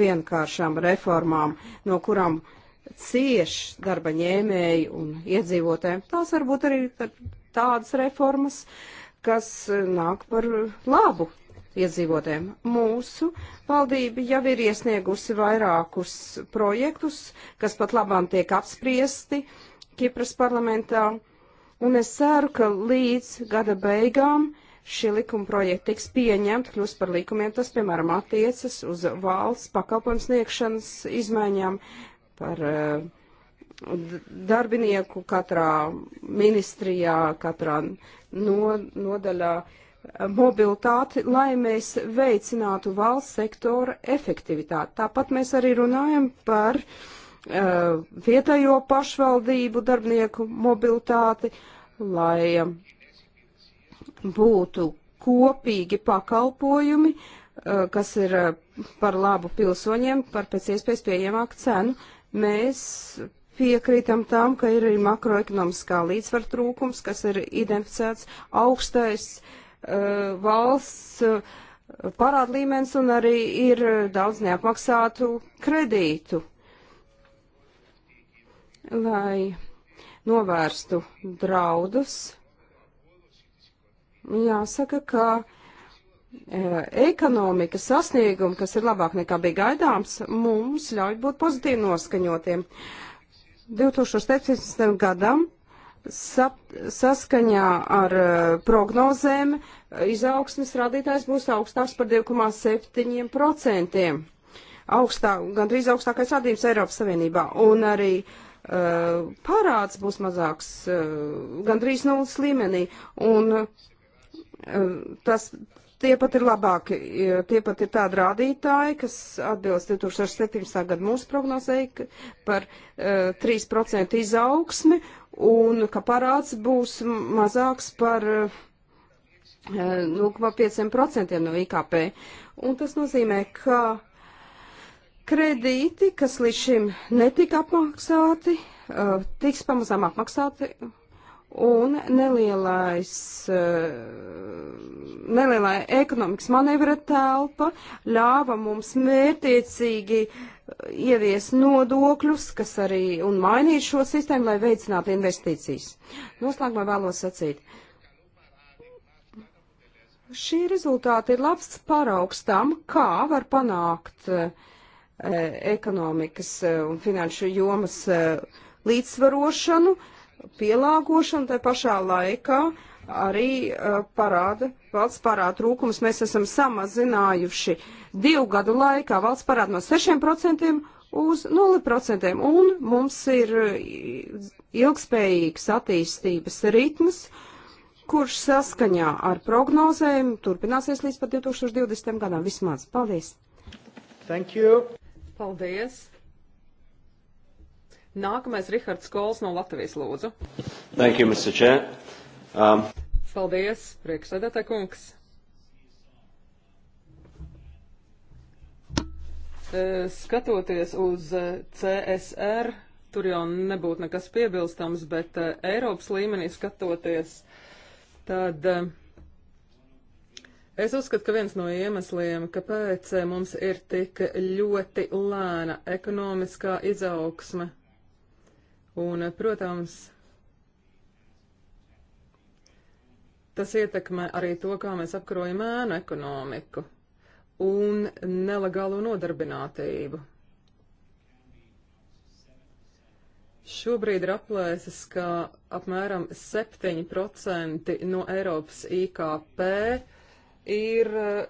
vienkāršām reformām, no kurām cieš darba ņēmēji un iedzīvotēm. Tās varbūt arī tādas reformas, kas nāk par labu iedzīvotēm. Mūsu valdība jau ir iesniegusi vairākus projektus, kas pat labām tiek apspriesti Kipras parlamentā, un es ceru, ka līdz gada beigām šie likuma projekti tiks pieņemti, kļūst par likumiem. Tas, piemēram, attiecas uz valsts pakalpojums sniegšanas izmaiņām par eh, darbinieku katrā ministrijā, katrā nodaļā. No mobilitāti, lai mēs veicinātu valsts sektora efektivitāti. Tāpat mēs arī runājam par uh, vietējo pašvaldību darbinieku mobilitāti, lai uh, būtu kopīgi pakalpojumi, uh, kas ir par labu pilsoņiem, par pēc iespējas pieejamāku cenu. Mēs piekrītam tam, ka ir arī makroekonomiskā līdzsvar trūkums, kas ir identificēts augstais uh, Uh, valsts uh, parāda līmenis un arī ir uh, daudz neapmaksātu kredītu. Lai novērstu draudus, jāsaka, ka e, ekonomikas sasniegumi, kas ir labāk nekā bija gaidāms, mums ļauj būt pozitīvi noskaņotiem. 2017. gadam Sap, saskaņā ar uh, prognozēm eh, izaugsmes rādītājs būs augstāks par 2,7%. Augstā, gandrīz augstākais rādījums Eiropas Savienībā. Un arī uh, parāds būs mazāks, uh, gandrīz nulles līmenī. Un uh, tas, tie pat ir labāki, tie pat ir tādi rādītāji, kas atbilst 2017. gadu mūsu prognozēji par uh, 3% izaugsmi un ka parāds būs mazāks par 0,5% eh, no IKP. Un tas nozīmē, ka kredīti, kas līdz šim netika apmaksāti, eh, tiks pamazām apmaksāti un nelielais, eh, nelielā ekonomikas manevra telpa ļāva mums mērtiecīgi uh, ievies nodokļus, kas arī un mainīt šo sistēmu, lai veicinātu investīcijas. Noslēgumā vēlos sacīt. Šī rezultāta ir labs paraugs tam, kā var panākt e, ekonomikas eh, un finanšu jomas e, līdzsvarošanu, pielāgošanu, tai pašā laikā arī uh, parāda, valsts parāda trūkumus mēs esam samazinājuši divu gadu laikā valsts parādu no 6% uz 0%, un mums ir uh, ilgspējīgs attīstības ritms, kurš saskaņā ar prognozēm turpināsies līdz pat 2020. gadam vismaz. Paldies! Thank you! Paldies! Nākamais Rihards Kols no Latvijas lūdzu. Thank you, Mr. Chair. Um. Paldies, priekšsēdētā kungs. Eh, skatoties uz eh, CSR, tur jau nebūtu nekas piebilstams, bet eh, Eiropas līmenī skatoties, tad es uzskatu, ka viens no iemesliem, kāpēc mums ir tik ļoti lēna ekonomiskā izaugsme, un, protams, Tas ietekmē arī to, kā mēs apkarojam ēnu ekonomiku un nelegālo nodarbinātību. Šobrīd ir aplēses, ka apmēram 7% no Eiropas IKP ir eh,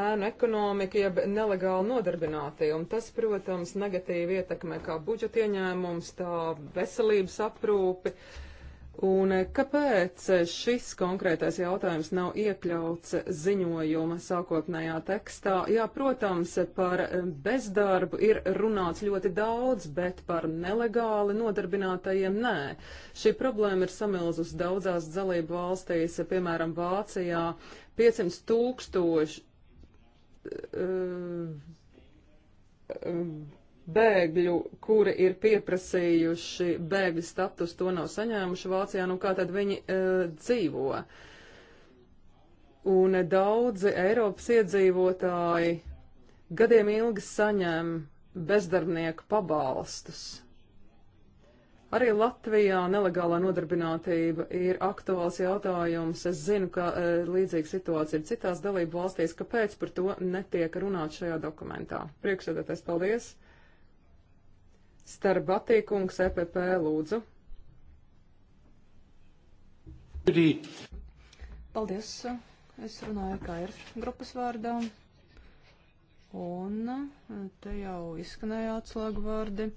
ēnu ekonomika, jeb nelegāla nodarbinātība. Un tas, protams, negatīvi ietekmē kā budžeta ieņēmums, tā veselības aprūpi. Uh, Un eh, kāpēc eh, šis konkrētais jautājums nav iekļauts ziņojuma sākotnējā tekstā? Jā, protams, par eh, bezdarbu ir runāts ļoti daudz, bet par nelegāli nodarbinātajiem nē. Šī problēma ir samilzus daudzās dalību valstīs, piemēram, Vācijā 500 tūkstoši. Uh, um, bēgļu, kuri ir pieprasījuši bēgļu status, to nav saņēmuši Vācijā, nu kā tad viņi e, dzīvo. Un daudzi Eiropas iedzīvotāji gadiem ilgi saņem bezdarbnieku pabalstus. Arī Latvijā nelegālā nodarbinātība ir aktuāls jautājums. Es zinu, ka e, līdzīga situācija ir citās dalību valstīs. Kāpēc par to netiek runāt šajā dokumentā? Priekšsēdētais, paldies! Starp Batīkungs, EPP, lūdzu. Paldies. Es runāju KR grupas vārdā. Un eh, te jau izskanēja atslēgu vārdi.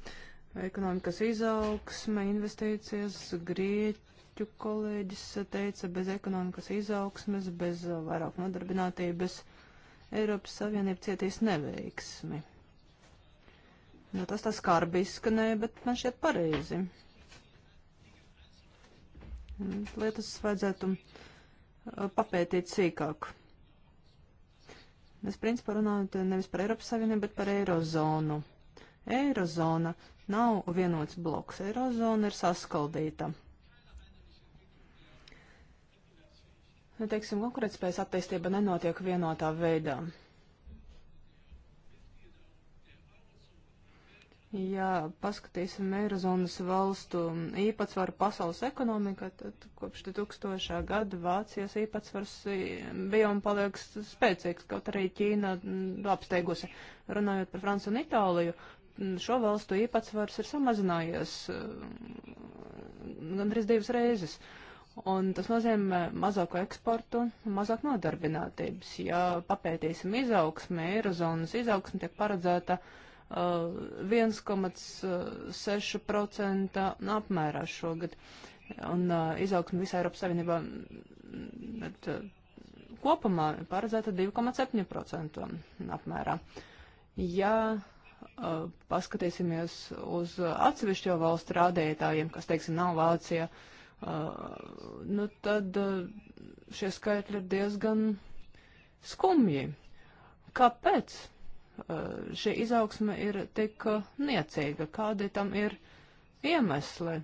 Ekonomikas izaugsme, investīcijas, grieķu kolēģis teica, bez ekonomikas izaugsmes, bez vairāk nodarbinātības Eiropas Savienība cietīs neveiksmi. Nu, tas tā skarbi izskanēja, bet man šķiet pareizi. Lietas vajadzētu uh, papētīt sīkāk. Es principā runāju nevis par Eiropas Savienību, bet par Eirozonu. Eirozona nav vienots bloks. Eirozona ir saskaldīta. Nu, teiksim, konkurētspējas attīstība nenotiek vienotā veidā. Ja paskatīsim Eirozonas valstu īpatsvaru pasaules ekonomikā, tad kopš 2000. gada Vācijas īpatsvars e, bija un paliek spēcīgs, kaut arī Ķīna apsteigusi. Runājot par Franciju un Itāliju, šo valstu īpatsvars ir samazinājies e, gandrīz divas reizes. Un tas nozīmē mazāku eksportu, mazāk nodarbinātības. Ja papētīsim izaugsmi, Eirozonas izaugsmi tiek paredzēta. Uh, 1,6% uh, uh, apmērā šogad. Un uh, izaugsme visā Eiropas Savienībā mm, bet, uh, kopumā paredzēta 2,7% apmērā. Ja uh, paskatīsimies uz atsevišķo valstu rādītājiem, kas, teiksim, nav Vācija, uh, nu tad uh, šie skaitļi ir diezgan skumji. Kāpēc? Eh, šī izaugsme ir tik eh, niecīga, kādi tam ir iemesli.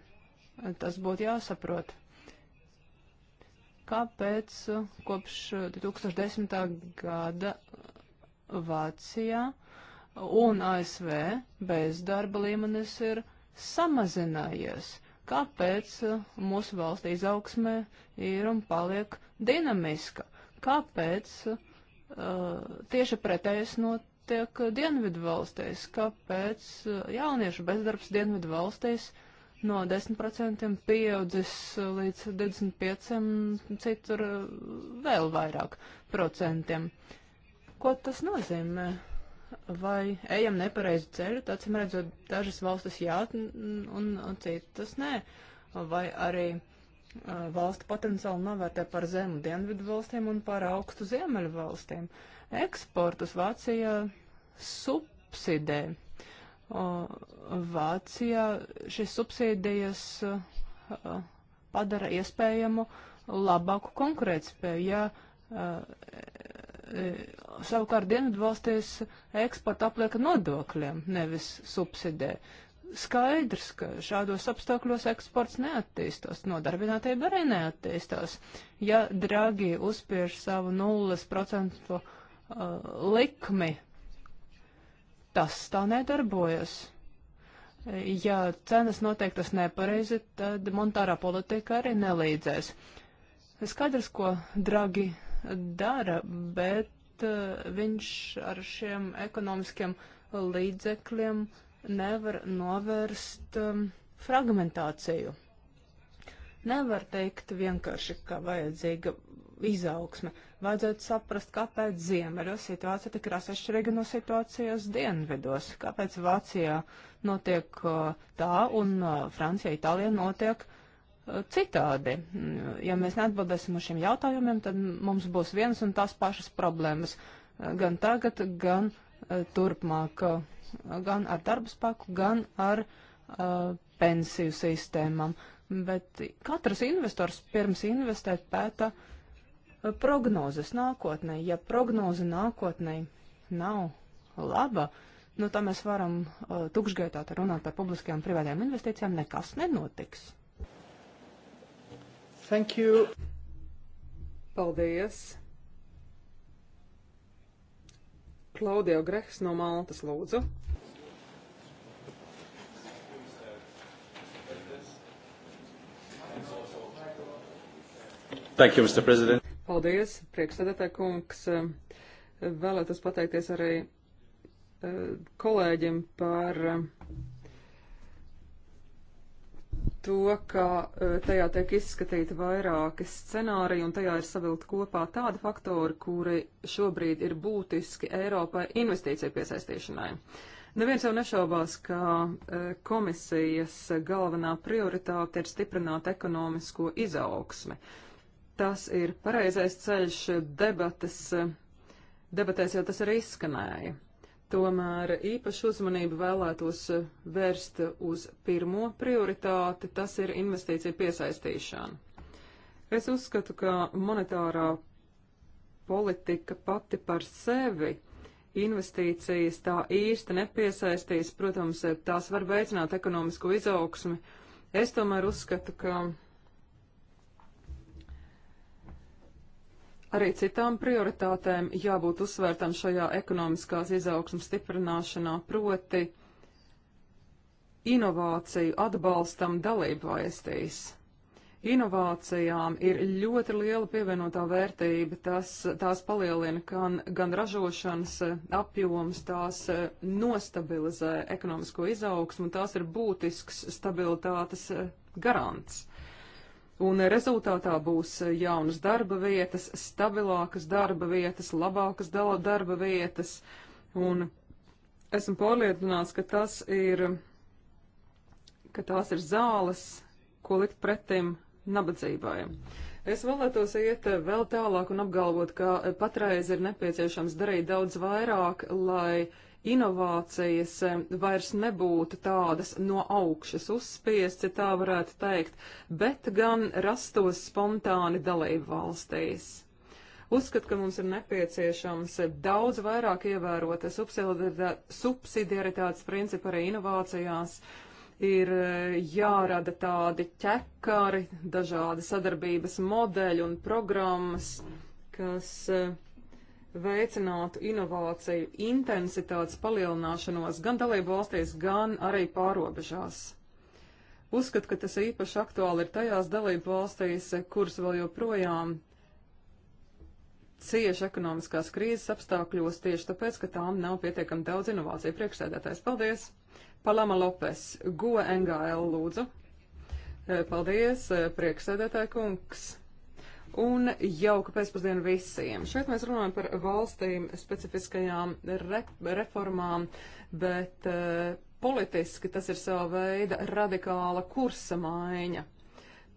Tas būtu jāsaprot. Kāpēc eh, kopš 2010. gada Vācijā un ASV bezdarba līmenis ir samazinājies? Kāpēc mūsu valsts izaugsme ir un paliek dinamiska? Kāpēc uh, tieši pretējais no notiek dienvidu valstīs, kāpēc eh, jauniešu bezdarbs dienvidu valstīs no 10% pieaudzis līdz 25%, citur eh, vēl vairāk procentiem. Ko tas nozīmē? Vai ejam nepareizu ceļu, acīm redzot, dažas valstis jā un, un citas nē, vai arī eh, valstu potenciāli novērtē par zemu dienvidu valstīm un par augstu ziemeļu valstīm. Eksportus Vācija subsidē. Vācijā šīs subsīdijas padara iespējamu labāku konkurētspēju. Ja e, savukārt Dienvidvalstīs eksporta apliek nodokļiem, nevis subsidē. Skaidrs, ka šādos apstākļos eksports neattīstās, nodarbinātība arī neattīstās. Ja Dragi uzspiež savu 0% likmi Tas tā nedarbojas. Ja cenas noteiktas nepareizi, tad monetārā politika arī nelīdzēs. Skaidrs, ko Dragi dara, bet uh, viņš ar šiem ekonomiskiem līdzekļiem nevar novērst um, fragmentāciju. Nevar teikt vienkārši, ka vajadzīga izaugsme. Vajadzētu saprast, kāpēc ziemeļos situācija tik rasešķirīga no situācijas dienvedos, kāpēc Vācijā notiek uh, tā un uh, Francija, Itālija notiek uh, citādi. Mm, ja mēs neatbildēsim uz šiem jautājumiem, tad mums būs vienas un tās pašas problēmas gan tagad, gan turpmāk, gan ar darba spēku, gan ar uh, pensiju sistēmām. Bet katrs investors pirms investēt pēta uh, prognozes nākotnē. Ja prognoze nākotnē nav laba, nu tā mēs varam uh, tukšgaitā runāt par publiskajām privātajām investīcijām, nekas nenotiks. Thank you. Paldies. Klaudio Grehs no Maltas lūdzu. Thank you, Mr. President. Paldies, priekšsēdētāj kungs. Vēlētos pateikties arī eh, kolēģim par eh, to, ka eh, tajā tiek izskatīti vairāki scenāriji un tajā ir savilkt kopā tādi faktori, kuri šobrīd ir būtiski Eiropai investīcija piesaistīšanai. Neviens jau nešaubās, ka komisijas galvenā prioritāte ir stiprināt ekonomisko izaugsmi tas ir pareizais ceļš debatas, debatēs jau tas arī izskanēja. Tomēr īpašu uzmanību vēlētos vērst uz pirmo prioritāti, tas ir investīcija piesaistīšana. Es uzskatu, ka monetārā politika pati par sevi investīcijas tā īsti nepiesaistīs, protams, tās var veicināt ekonomisko izaugsmi. Es tomēr uzskatu, ka Arī citām prioritātēm jābūt uzsvērtam šajā ekonomiskās izaugsmas stiprināšanā, proti inovāciju atbalstam dalību valstīs. Inovācijām ir ļoti liela pievienotā vērtība, tas, tās palielina gan, gan ražošanas apjoms, tās nostabilizē ekonomisko izaugsmu, tās ir būtisks stabilitātes garants. Un rezultātā būs jaunas darba vietas, stabilākas darba vietas, labākas darba vietas. Un esmu pārliecināts, ka tas ir, ka tās ir zāles, ko likt pretim nabadzībai. Es vēlētos iet vēl tālāk un apgalvot, ka patreiz ir nepieciešams darīt daudz vairāk, lai uh, inovācijas eh, vairs nebūtu tādas no augšas uzspiesti, tā varētu teikt, bet gan rastos spontāni dalību valstīs. Uzskat, ka mums ir nepieciešams daudz vairāk ievērot subsidiaritātes principu arī inovācijās, ir eh, jārada tādi ķekari, dažādi sadarbības modeļi un programmas, kas uh, veicinātu inovāciju intensitātes palielināšanos gan dalību valstīs, gan arī pārobežās. Uzskat, ka tas īpaši aktuāli ir tajās dalību valstīs, kuras vēl joprojām cieši ekonomiskās krīzes apstākļos tieši tāpēc, ka tām nav pietiekami daudz inovāciju. Priekšsēdētājs, paldies! Palama Lopes, GOE NGL lūdzu. Paldies, priekšsēdētāja kungs! un jauka pēcpusdiena visiem. Šeit mēs runājam par valstīm specifiskajām re reformām, bet eh, politiski tas ir sava veida radikāla kursa maiņa.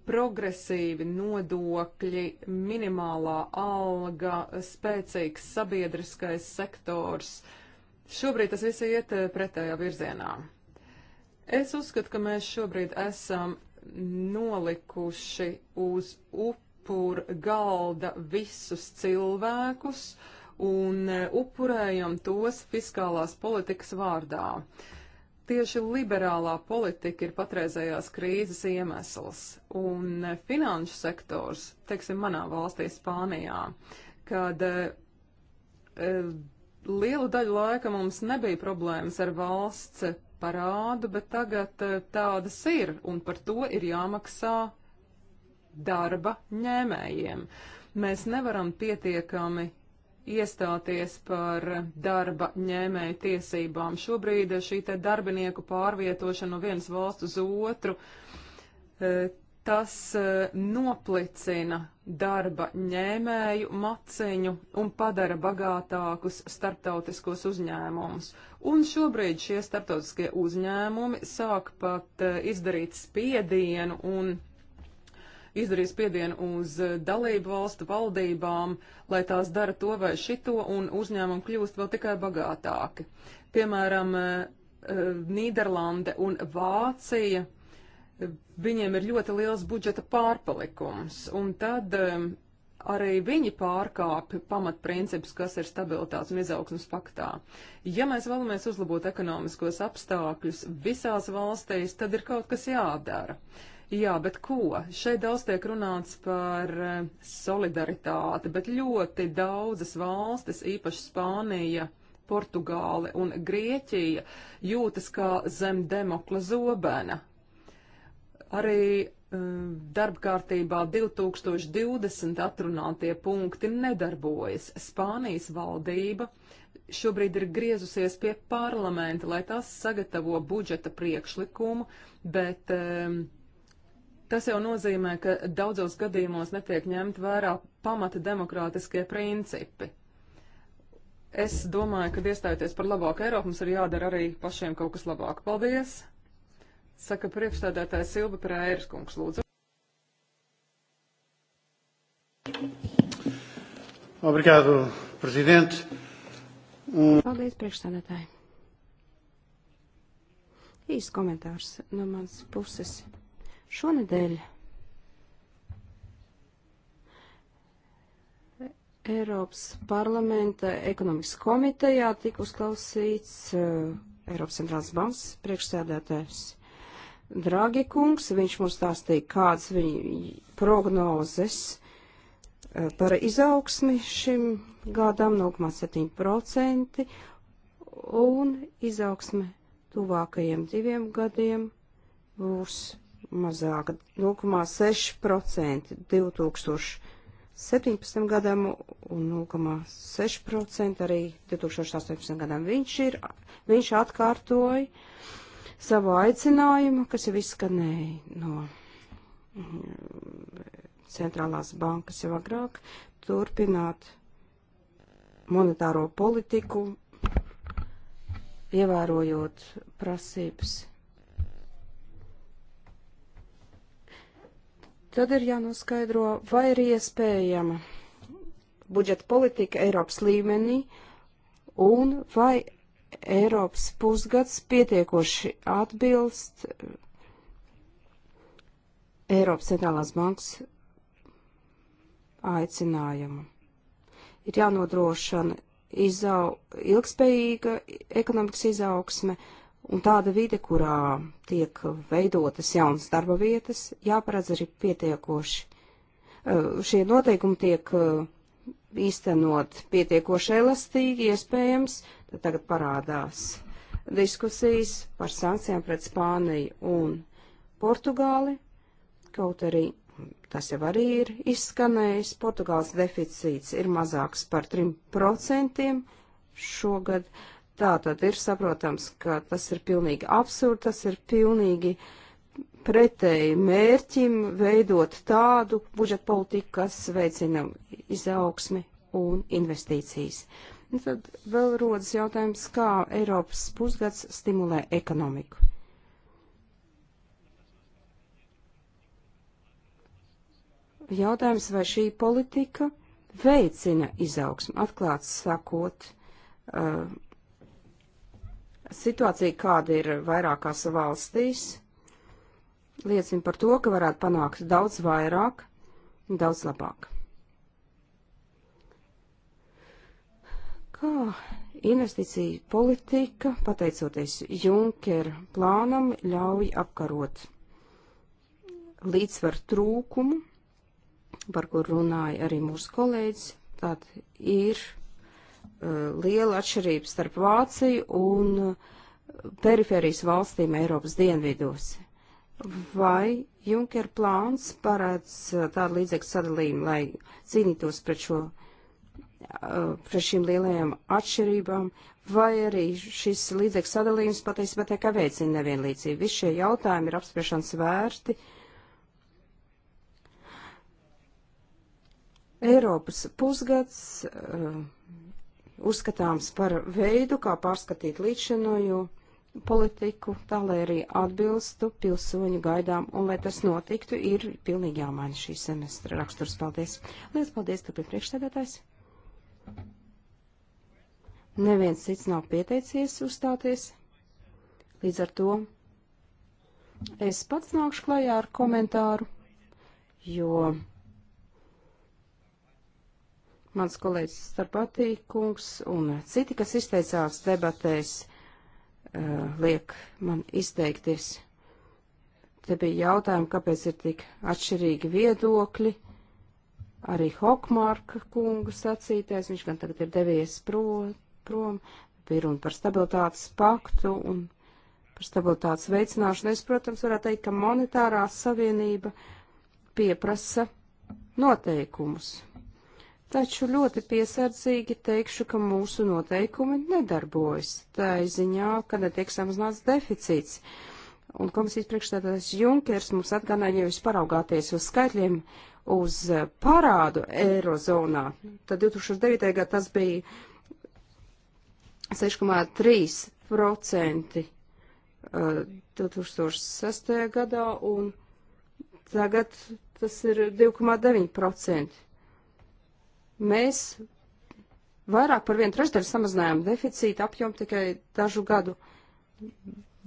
Progresīvi nodokļi, minimālā alga, spēcīgs sabiedriskais sektors. Šobrīd tas viss iet eh, pretējā virzienā. Es uzskatu, ka mēs šobrīd esam nolikuši uz upi pur galda visus cilvēkus un e, upurējam tos fiskālās politikas vārdā. Tieši liberālā politika ir patreizējās krīzes iemesls, un e, finanšu sektors, teiksim, manā valstī Spānijā, kad e, e, lielu daļu laika mums nebija problēmas ar valsts parādu, bet tagad tādas ir, un par to ir jāmaksā darba ņēmējiem. Mēs nevaram pietiekami iestāties par darba ņēmēju tiesībām. Šobrīd šī te darbinieku pārvietošana no vienas valsts uz otru, e, tas e, noplicina darba ņēmēju maciņu un padara bagātākus starptautiskos uzņēmumus. Un šobrīd šie starptautiskie uzņēmumi sāk pat e, izdarīt spiedienu un izdarīs spiedienu uz eh, dalību valstu valdībām, lai tās dara to vai šito, un uzņēmumi kļūst vēl tikai bagātāki. Piemēram, eh, eh, Nīderlande un Vācija, viņiem ir ļoti liels budžeta pārpalikums, un tad arī viņi pārkāpj pamatprincipus, kas ir stabilitātes un izaugsmas paktā. Ja mēs vēlamies uzlabot ekonomiskos apstākļus visās valstīs, tad ir kaut kas jādara. Uh, Jā, bet ko? Šeit daudz tiek runāts par eh, solidaritāti, bet ļoti daudzas valstis, īpaši Spānija, Portugāle un Grieķija, jūtas kā zem demokla zobena. Arī darba kārtībā 2020 atrunātie punkti nedarbojas. Spānijas valdība šobrīd ir griezusies pie parlamenta, lai tās sagatavo budžeta priekšlikumu, bet um, Tas jau nozīmē, ka daudzos gadījumos netiek ņemt vērā pamata demokrātiskie principi. Es domāju, ka iestājoties par labāku Eiropu, mums ir jādara arī pašiem kaut kas labāk. Paldies! Saka priekšstādātājs Silva Prērs kungs, lūdzu. Obrigado, prezident. Un... Um, Paldies, priekšstādātāji. Īsts komentārs no manas puses. Šonadēļ Eiropas parlamenta ekonomikas komitejā tika uzklausīts uh, Eiropas centrālās bankas priekšsēdētājs Dragi kungs. Viņš mums stāstīja, kādas viņa prognozes uh, par izaugsmi šim gadam 0,7% un izaugsme tuvākajiem diviem gadiem būs mazāk 0,6% 2017. gadam un 0,6% arī 2018. gadam. Viņš, ir, viņš atkārtoja savu aicinājumu, kas jau izskanēja no mm, centrālās bankas jau agrāk, turpināt monetāro politiku, ievērojot prasības Tad ir jānoskaidro, vai ir iespējama budžeta politika Eiropas līmenī un vai Eiropas pusgads pietiekoši atbilst eh, Eiropas centrālās bankas aicinājumu. Ir jānodrošina izau, ilgspējīga ekonomikas izaugsme Un tāda vide, kurā tiek veidotas jaunas darba vietas, jāparedz arī pietiekoši. Eh, šie noteikumi tiek eh, īstenot pietiekoši elastīgi, iespējams, tad tagad parādās diskusijas par sankcijām pret Spāniju un Portugāli, kaut arī tas jau arī ir izskanējis, Portugāls deficīts ir mazāks par 3% šogad. Uh, Tātad ir saprotams, ka tas ir pilnīgi absurdi, tas ir pilnīgi pretēji mērķim veidot tādu budžeta politiku, kas veicina izaugsmi un investīcijas. Un nu, tad vēl rodas jautājums, kā Eiropas pusgads stimulē ekonomiku. Jautājums, vai šī politika veicina izaugsmu, atklāts sakot, uh, Situācija, kāda ir vairākās valstīs, liecina par to, ka varētu panākt daudz vairāk, daudz labāk. Kā investīcija politika, pateicoties Junkera plānam, ļauj apkarot līdzsvaru trūkumu, par kur runāja arī mūsu kolēģis, tad ir Uh, liela atšķirība starp Vāciju un perifērijas valstīm Eiropas dienvidos. Vai Junker plāns parāds uh, tādu līdzekļu sadalījumu, lai cīnītos pret šo, uh, pret šīm lielajām atšķirībām, vai arī šis līdzekļu sadalījums patiesībā tiek veicina nevienlīdzību? Visi šie jautājumi ir apspriešanas vērti. Eiropas pusgads. Uh, uzskatāms par veidu, kā pārskatīt līdzšinojo politiku, tā lai arī atbilstu pilsoņu gaidām, un lai tas notiktu, ir pilnīgi jāmaina šī semestra raksturs. Paldies! Lielas paldies, turpin priekšstādātājs! Neviens cits nav pieteicies uzstāties, līdz ar to es pats nākšu klajā ar komentāru, jo mans kolēģis Starpatīkungs un citi, kas izteicās debatēs, uh, liek man izteikties. Te bija jautājumi, kāpēc ir tik atšķirīgi viedokļi. Arī Hokmārka kungu sacītais, viņš gan tagad ir devies pro, prom, bija runa par stabilitātes paktu un par stabilitātes veicināšanu. Es, protams, varētu teikt, ka monetārā savienība pieprasa noteikumus, Taču ļoti piesardzīgi teikšu, ka mūsu noteikumi nedarbojas. Tā ir ziņā, ka netiek samazināts deficīts. Un komisijas priekšstādātājs Junkers mums atgādināja, ja jūs paraugāties uz skaitļiem, uz parādu eirozonā, tad 2009. gadā tas bija 6,3% 2006. Uh, gadā, un tagad tas ir 2,9%. Mēs vairāk par vienu trešdaļu samazinājām deficīta apjomu tikai dažu gadu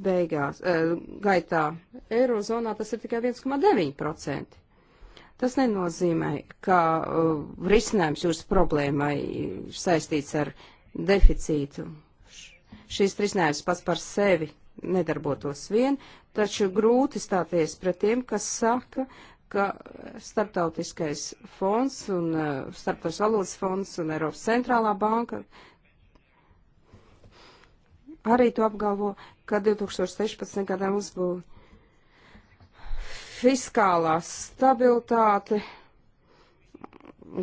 beigās, e, gaitā. Eirozonā tas ir tikai 1,9%. Tas nenozīmē, ka uh, risinājums jūsu problēmai ir saistīts ar deficītu. Šis risinājums pats par sevi nedarbotos vien, taču grūti stāties pret tiem, kas saka, ka starptautiskais fonds un e, starptautiskais valodas fonds un Eiropas centrālā banka arī to apgalvo, ka 2016. gadā mums būs fiskālā stabilitāte,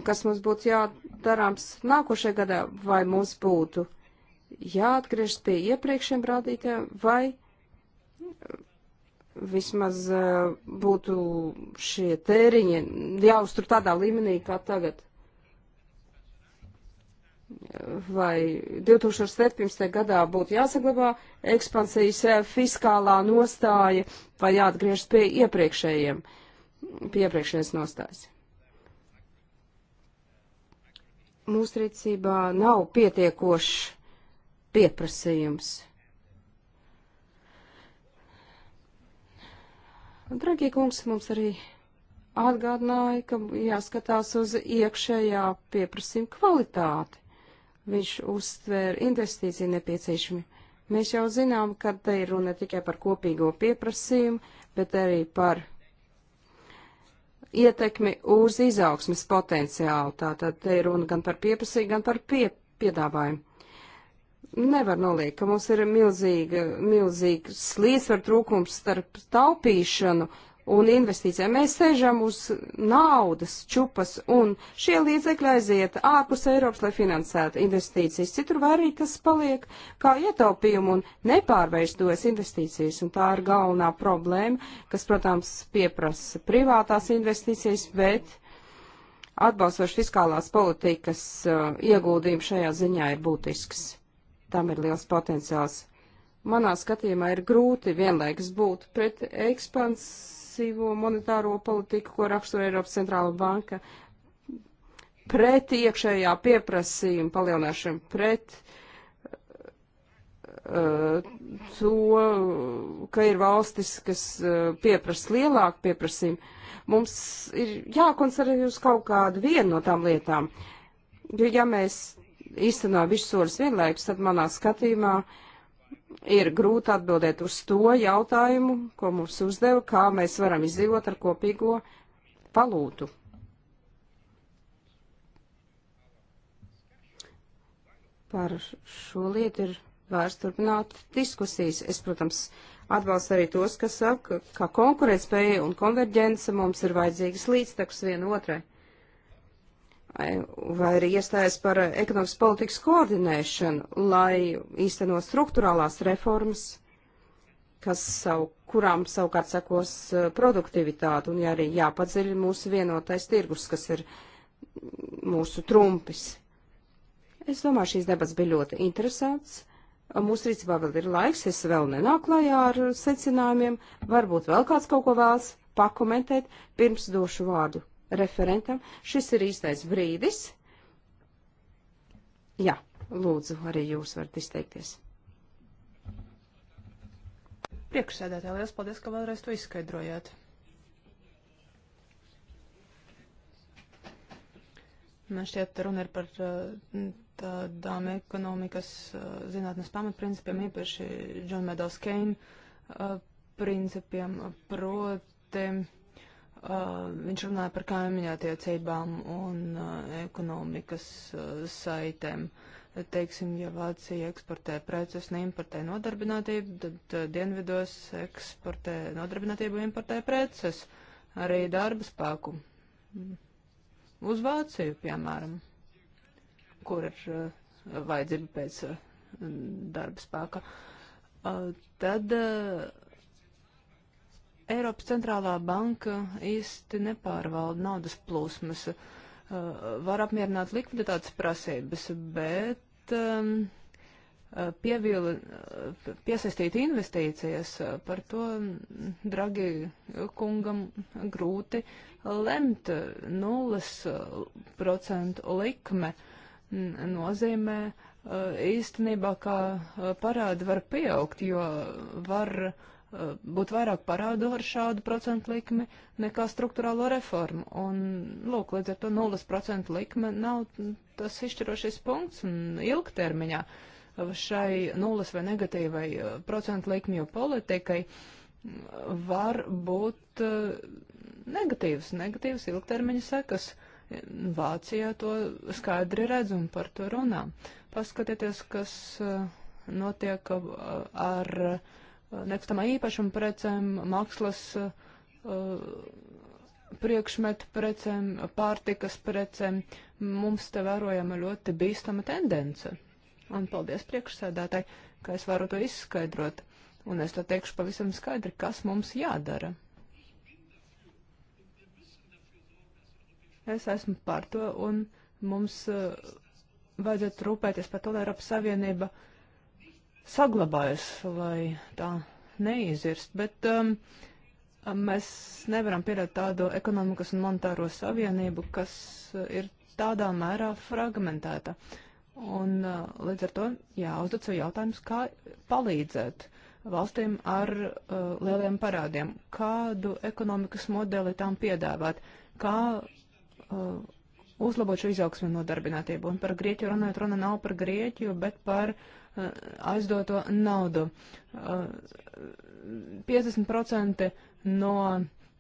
kas mums būtu jādarāms nākošajā gadā, vai mums būtu jāatgriežas pie iepriekšējiem rādītājiem, vai vismaz eh, būtu šie tēriņi jāuztur tādā līmenī kā tagad. Vai 2017. gadā būtu jāsaglabā ekspansijas eh, fiskālā nostāja vai jāatgriežas pie iepriekšējiem, pie iepriekšējais nostājas? Mūsu rīcībā nav pietiekošs pieprasījums Dragie kungs mums arī atgādināja, ka jāskatās uz iekšējā pieprasījuma kvalitāti. Viņš uztvēra investīciju nepieciešami. Mēs jau zinām, ka te ir runa tikai par kopīgo pieprasījumu, bet arī par ietekmi uz izaugsmes potenciālu. Tātad te ir runa gan par pieprasījumu, gan par pie, piedāvājumu nevar noliekt, ka mums ir milzīga, milzīga līdzsvar trūkums starp taupīšanu un investīcijām. Mēs sēžam uz naudas čupas, un šie līdzekļi aiziet ārpus Eiropas, lai finansētu investīcijas. Citur vai arī tas paliek kā ietaupījumu un nepārveidojas investīcijas, un tā ir galvenā problēma, kas, protams, pieprasa privātās investīcijas, bet atbalstoši fiskālās politikas uh, ieguldījumi šajā ziņā ir būtisks tam ir liels potenciāls. Manā skatījumā ir grūti vienlaikus būt pret ekspansīvo monetāro politiku, ko raksturo Eiropas centrāla banka, pret iekšējā pieprasījuma palielināšanu, pret uh, to, ka ir valstis, kas uh, pieprasa lielāku pieprasījumu. Mums ir jākoncentrē uz kaut kādu vienu no tām lietām. Jo, ja mēs īstenot visus soļus vienlaikus, tad manā skatījumā ir grūti atbildēt uz to jautājumu, ko mums uzdeva, kā mēs varam izdzīvot ar kopīgo palūtu. Par šo lietu ir vērts turpināt diskusijas. Es, protams, atbalstu arī tos, kas saka, ka konkurētspēja un konverģence mums ir vajadzīgas līdztekus viena otrai vai arī iestājas par ekonomikas politikas koordinēšanu, lai īstenot struktūrālās reformas, kas savu, kurām savukārt sekos uh, produktivitāte, un ja arī jāpadziļ mūsu vienotais tirgus, kas ir mūsu trumpis. Es domāju, šīs debats bija ļoti interesants. Mūsu rīcībā vēl ir laiks, es vēl nenāku klajā ar secinājumiem. Varbūt vēl kāds kaut ko vēlas pakomentēt, pirms došu vārdu referentam. Šis ir īstais brīdis. Jā, lūdzu, arī jūs varat izteikties. Priekšsēdētāji, liels paldies, ka vēlreiz to izskaidrojāt. Man šķiet, runa ir par uh, tādām ekonomikas uh, zinātnes pamatprincipiem, īpaši John Meadows Kane uh, principiem, proti Uh, viņš runāja par kaimiņattiecībām un uh, ekonomikas uh, saitēm. Teiksim, ja Vācija eksportē preces un importē nodarbinātību, tad dienvidos eksportē nodarbinātību un importē preces, arī darba spēku. Uz Vāciju, piemēram, kur ir vajadzība pēc darba spēka. Tad Eiropas centrālā banka īsti nepārvalda naudas plūsmas, uh, var apmierināt likviditātes prasības, bet um, uh, pievili, uh, piesaistīt investīcijas, par to, mm, dragi kungam, grūti lemt. Nulles procentu likme nozīmē īstenībā, kā parādi var pieaugt, jo var uh, Eh, būt vairāk parādu ar šādu procentu likmi nekā struktūrālo reformu. Un, lūk, līdz ar to 0% likme nav tas izšķirošais punkts un ilgtermiņā šai nulles vai negatīvai eh, procentu likmju politikai mm, var būt eh, negatīvas, negatīvas ilgtermiņa sekas. Vācijā to skaidri redz un par to runā. Paskatieties, kas notiek ar nekustamā īpašuma precēm, mākslas eh, priekšmetu precēm, pārtikas precēm. Mums te vērojama ļoti bīstama tendence. Un paldies priekšsēdētāji, ka es varu to izskaidrot. Un es to teikšu pavisam skaidri, kas mums jādara. Es esmu par to, un mums uh, vajadzētu rūpēties par to, lai Eiropas Savienība uh, saglabājas, lai tā neizirst, bet um, mēs nevaram pieļaut tādu ekonomikas un monetāro savienību, kas uh, ir tādā mērā fragmentēta. Un uh, līdz ar to jāuzdod sev jautājums, kā palīdzēt valstīm ar uh, lieliem parādiem, kādu ekonomikas modeli tām piedāvāt, kā uh, uzlabot šo izaugsmu nodarbinātību. Un par Grieķiju runājot, runa nav par Grieķiju, bet par uh, Eh, aizdoto naudu. 50% eh, no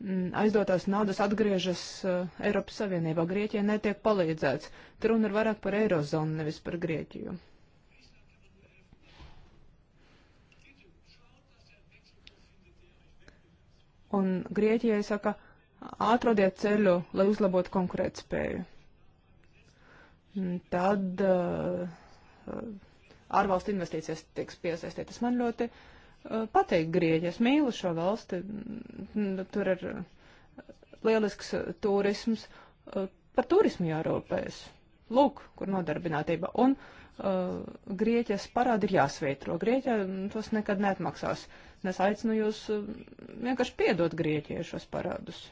mm, aizdotās naudas atgriežas eh, Eiropas Savienībā. Grieķijai netiek palīdzēts. Te runa ir vairāk par Eirozonu, nevis par Grieķiju. Un Grieķijai saka, atrodiet ceļu, lai uzlabotu konkurētspēju. Mm, tad uh, ārvalstu investīcijas tiks piesaistītas. Man ļoti uh, patīk Grieķija, es mīlu šo valsti, mm, mm, tur ir uh, lielisks uh, turisms, par turismu jārūpējas. Lūk, kur nodarbinātība. Un uh, Grieķijas parādi ir jāsveitro. Grieķija mm, tos nekad neatmaksās. Es aicinu jūs vienkārši piedot Grieķijai šos parādus.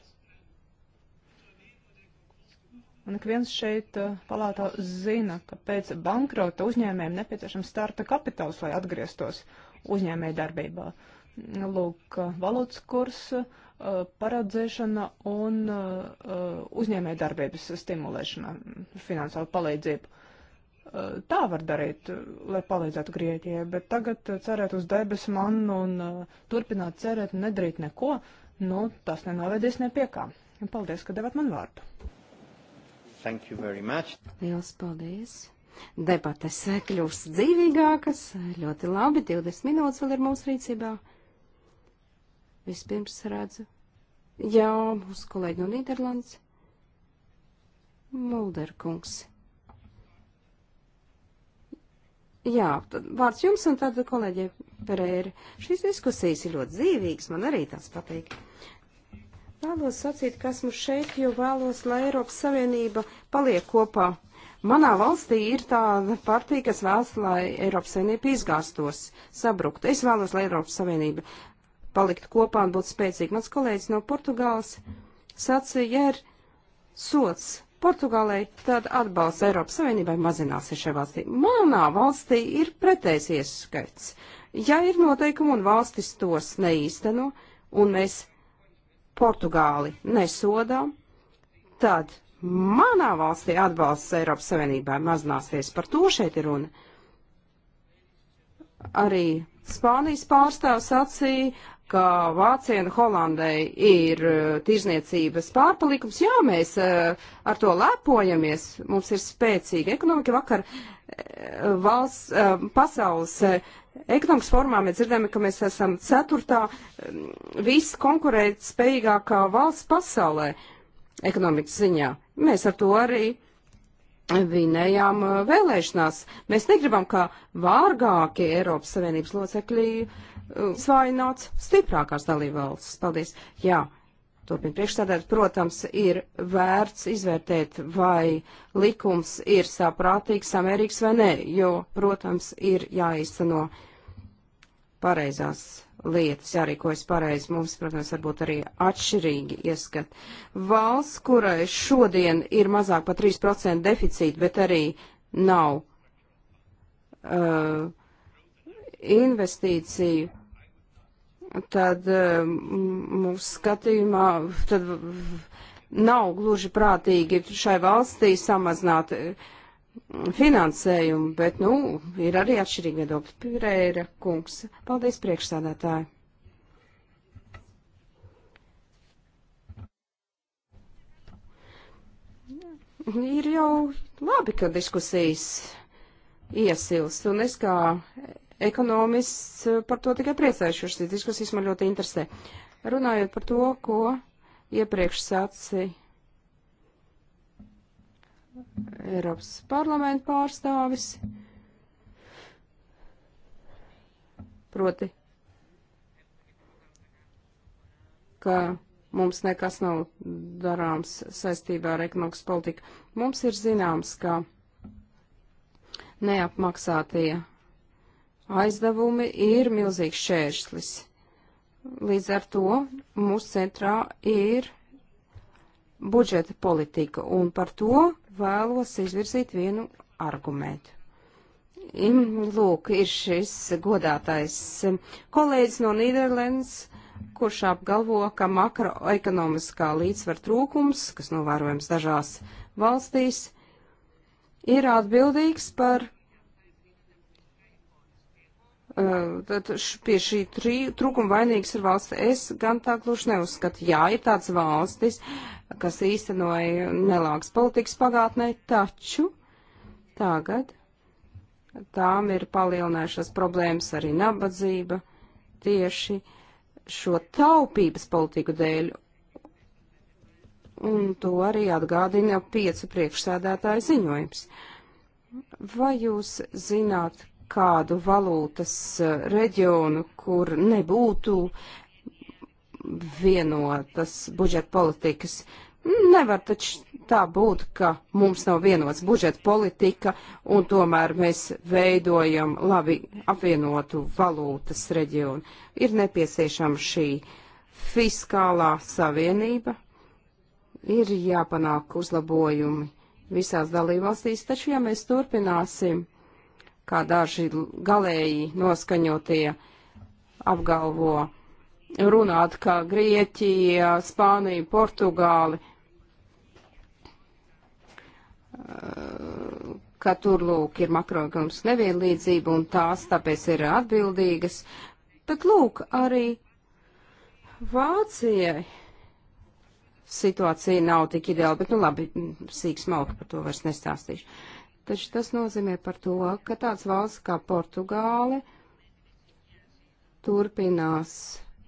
Un ik viens šeit eh, palātā zina, ka pēc bankrota uzņēmējiem nepieciešams starta kapitāls, lai atgrieztos uzņēmēju darbībā. Lūk, eh, valūtas kurs, eh, paredzēšana un uzņēmēju darbības stimulēšana, finansiāla palīdzība. Tā var darīt, lai palīdzētu Grieķijai, bet tagad cerēt uz debes man un turpināt cerēt un nedarīt neko, nu, tas nenovedīs ne pie kā. Paldies, ka devāt man vārdu. Thank you very much. Liels paldies. Debates kļūst dzīvīgākas. Ļoti labi. 20 minūtes vēl ir mūsu rīcībā. Vispirms redzu. Jā, mūsu kolēģi no Nīderlandes. Mulderkungs. Jā, tad vārds jums un tad kolēģi Pereira. Šīs diskusijas ir ļoti dzīvīgas, man arī tās patīk. Vēlos sacīt, ka esmu šeit, jo vēlos, lai Eiropas Savienība paliek kopā. Manā valstī ir tāda partija, kas vēlas, lai Eiropas Savienība izgāstos, sabruktu. Es vēlos, lai Eiropas Savienība paliktu kopā un būtu spēcīga. Mans kolēģis no Portugāles sacīja, ja ir sots Portugālei, tad atbalsts Eiropas Savienībai mazināsies šajā valstī. Manā valstī ir pretējs ieskaits. Ja ir noteikumi un valstis tos neīsteno, un mēs Portugāli nesodām, tad manā valstī atbalsts Eiropas Savienībā mazināsies. Par to šeit ir runa. Arī Spānijas pārstāvs sacīja, ka Vācijai un Holandai ir e, tirzniecības pārpalikums. Jā, mēs e, ar to lepojamies, mums ir spēcīga ekonomika. Vakar e, valsts, pasaules ekonomikas formā mēs dzirdējām, ka mēs esam ceturtā viss konkurēt spējīgākā valsts pasaulē ekonomikas ziņā. Mēs ar to arī vinējām vēlēšanās. Mēs negribam, ka vārgākie Eiropas Savienības locekļi uh, svaināts stiprākās dalībvalstis. Paldies. Jā, turpin priekšstādāt, protams, ir vērts izvērtēt, vai likums ir saprātīgs, samērīgs vai nē, jo, protams, ir jāīsteno pareizās lietas, jārīkojas pareizi. Mums, protams, varbūt arī atšķirīgi ieskat. Valsts, kurai šodien ir mazāk par 3% deficīti, bet arī nav uh, investīciju tad eh, mūsu skatījumā tad nav gluži prātīgi šai valstī samazināt eh, finansējumu, bet, nu, ir arī atšķirīgi viedokļi. Pirēra kungs. Paldies priekšsādātāji. Ir jau labi, ka diskusijas iesilst, un es kā ekonomists eh, par to tikai priecājušies. Šīs diskusijas man ļoti interesē. Runājot par to, ko iepriekš saci Eiropas parlamenta pārstāvis, proti, ka mums nekas nav darāms saistībā ar ekonomikas politiku. Mums ir zināms, ka neapmaksātie aizdevumi ir milzīgs šēršlis. Līdz ar to mūsu centrā ir budžeta politika, un par to vēlos izvirzīt vienu argumentu. Lūk, ir šis godātais kolēģis no Nīderlandes, kurš apgalvo, ka makroekonomiskā līdzsvar trūkums, kas novērojams dažās valstīs, ir atbildīgs par Tad pie šī trī, trūkuma vainīgs ir valsts. Es gan tā gluži neuzskatu. Jā, ir tāds valstis, kas īstenoja nelāks politikas pagātnē, taču tagad tām ir palielinājušās problēmas arī nabadzība tieši šo taupības politiku dēļ. Un to arī atgādina piecu priekšsēdētāju ziņojums. Vai jūs zināt, kādu valūtas eh, reģionu, kur nebūtu vienotas budžeta politikas. Nevar taču tā būt, ka mums nav vienots budžeta politika un tomēr mēs veidojam labi apvienotu valūtas reģionu. Ir nepieciešama šī fiskālā savienība, ir jāpanāk uzlabojumi visās dalībvalstīs, taču ja mēs turpināsim kā daži galēji noskaņotie apgalvo runāt, kā Grieķija, Spānija, Portugāli, eh, ka tur, lūk, ir makroekonomiska nevienlīdzība un tās tāpēc ir atbildīgas. Bet, lūk, arī Vācijai situācija nav tik ideāla, bet, nu labi, sīk smalki par to vairs nestāstīšu taču tas nozīmē par to, ka tāds valsts kā Portugāle turpinās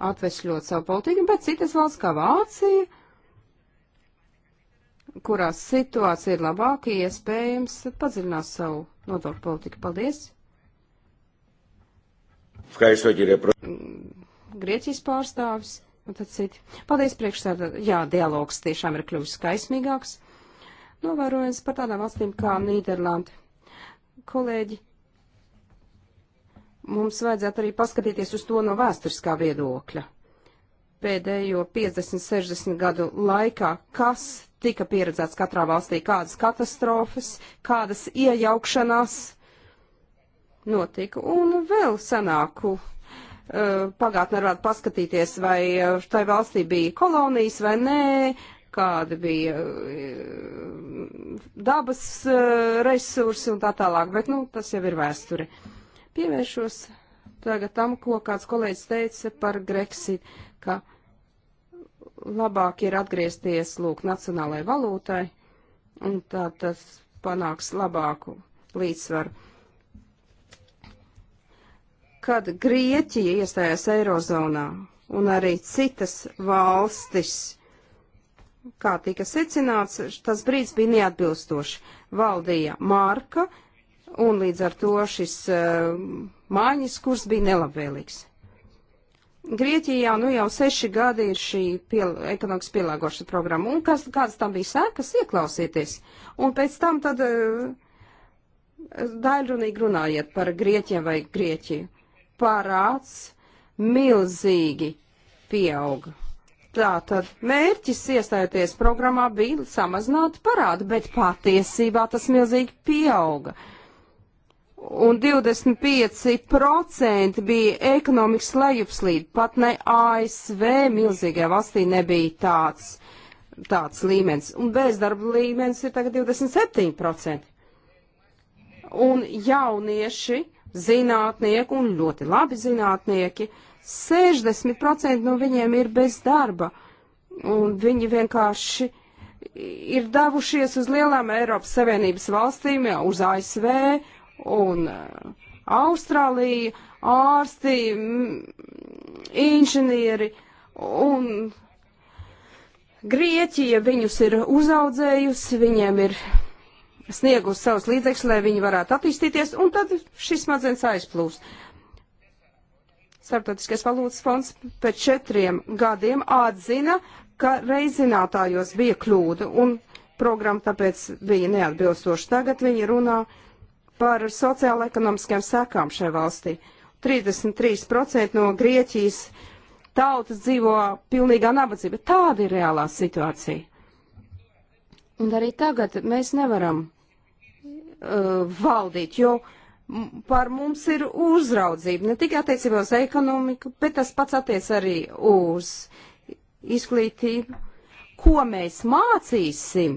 atvesļot savu politiku, bet citas valsts kā Vācija, kurās situācija ir labāka, iespējams, padziļinās savu nodokļu politiku. Paldies! Mm, Grieķijas pārstāvis un tad citi. Paldies priekšstādā. Jā, dialogs tiešām ir kļuvis skaismīgāks novērojams par tādām valstīm kā Nīderlanda. Kolēģi, mums vajadzētu arī paskatīties uz to no vēsturiskā viedokļa. Pēdējo 50-60 gadu laikā, kas tika pieredzēts katrā valstī, kādas katastrofas, kādas iejaukšanās notika. Un vēl senāku eh, pagātnē varētu paskatīties, vai eh, tai valstī bija kolonijas vai nē, kāda bija e, dabas e, resursi un tā tālāk, bet, nu, tas jau ir vēsture. Pievēršos tagad tam, ko kāds kolēģis teica par Grexit, ka labāk ir atgriezties, lūk, nacionālajai valūtai, un tā tas panāks labāku līdzsvaru. Kad Grieķija iestājās Eirozonā un arī citas valstis kā tika secināts, tas brīdis bija neatbilstoši. Valdīja Mārka, un līdz ar to šis uh, mājiņas kurs bija nelabvēlīgs. Grieķijā nu jau seši gadi ir šī piel, ekonomikas pielāgošana programma, un kas, kāds tam bija sēkas, ieklausieties. Un pēc tam tad uh, daļrunīgi runājiet par Grieķiem vai Grieķiju. Parāds milzīgi pieauga Tātad mērķis iestājoties programmā bija samazināt parādu, bet patiesībā tas milzīgi pieauga. Un 25% bija ekonomikas lejupslīd, pat ne ASV milzīgajā valstī nebija tāds, tāds līmenis. Un bezdarba līmenis ir tagad 27%. Un jaunieši zinātnieki un ļoti labi zinātnieki. 60% no viņiem ir bez darba, un viņi vienkārši ir devušies uz lielām Eiropas Savienības valstīm, uz ASV un uh, Austrāliju, ārsti, mm, inženieri un Grieķija viņus ir uzaudzējusi, viņiem ir sniegus savus līdzekļus, lai viņi varētu attīstīties, un tad šis smadzenes aizplūst. Startautiskais valūtas fonds pēc četriem gadiem atzina, ka reizinātājos bija kļūda, un programma tāpēc bija neatbilstoša. Tagad viņi runā par sociāla-ekonomiskajām sekām šajā valstī. 33% no Grieķijas tautas dzīvo pilnīgā nabadzība. Tāda ir reālā situācija. Un arī tagad mēs nevaram Uh, valdīt, jo par mums ir uzraudzība, ne tikai attiecībā uz ekonomiku, bet tas pats attiec arī uz izglītību. Ko mēs mācīsim?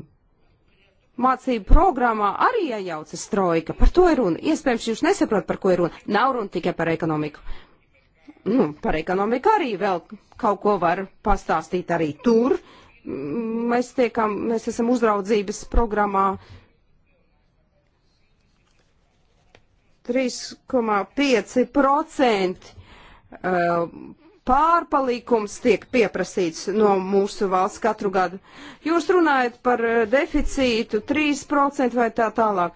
Mācību programmā arī iejaucas trojka, par to ir runa. Iespējams, jūs nesaprotat, par ko ir runa. Nav runa tikai par ekonomiku. Nu, par ekonomiku arī vēl kaut ko var pastāstīt arī tur. Mēs tiekam, mēs esam uzraudzības programmā uh, 3,5% uh, pārpalikums tiek pieprasīts no mūsu valsts katru gadu. Jūs runājat par uh, deficītu 3% vai tā tālāk,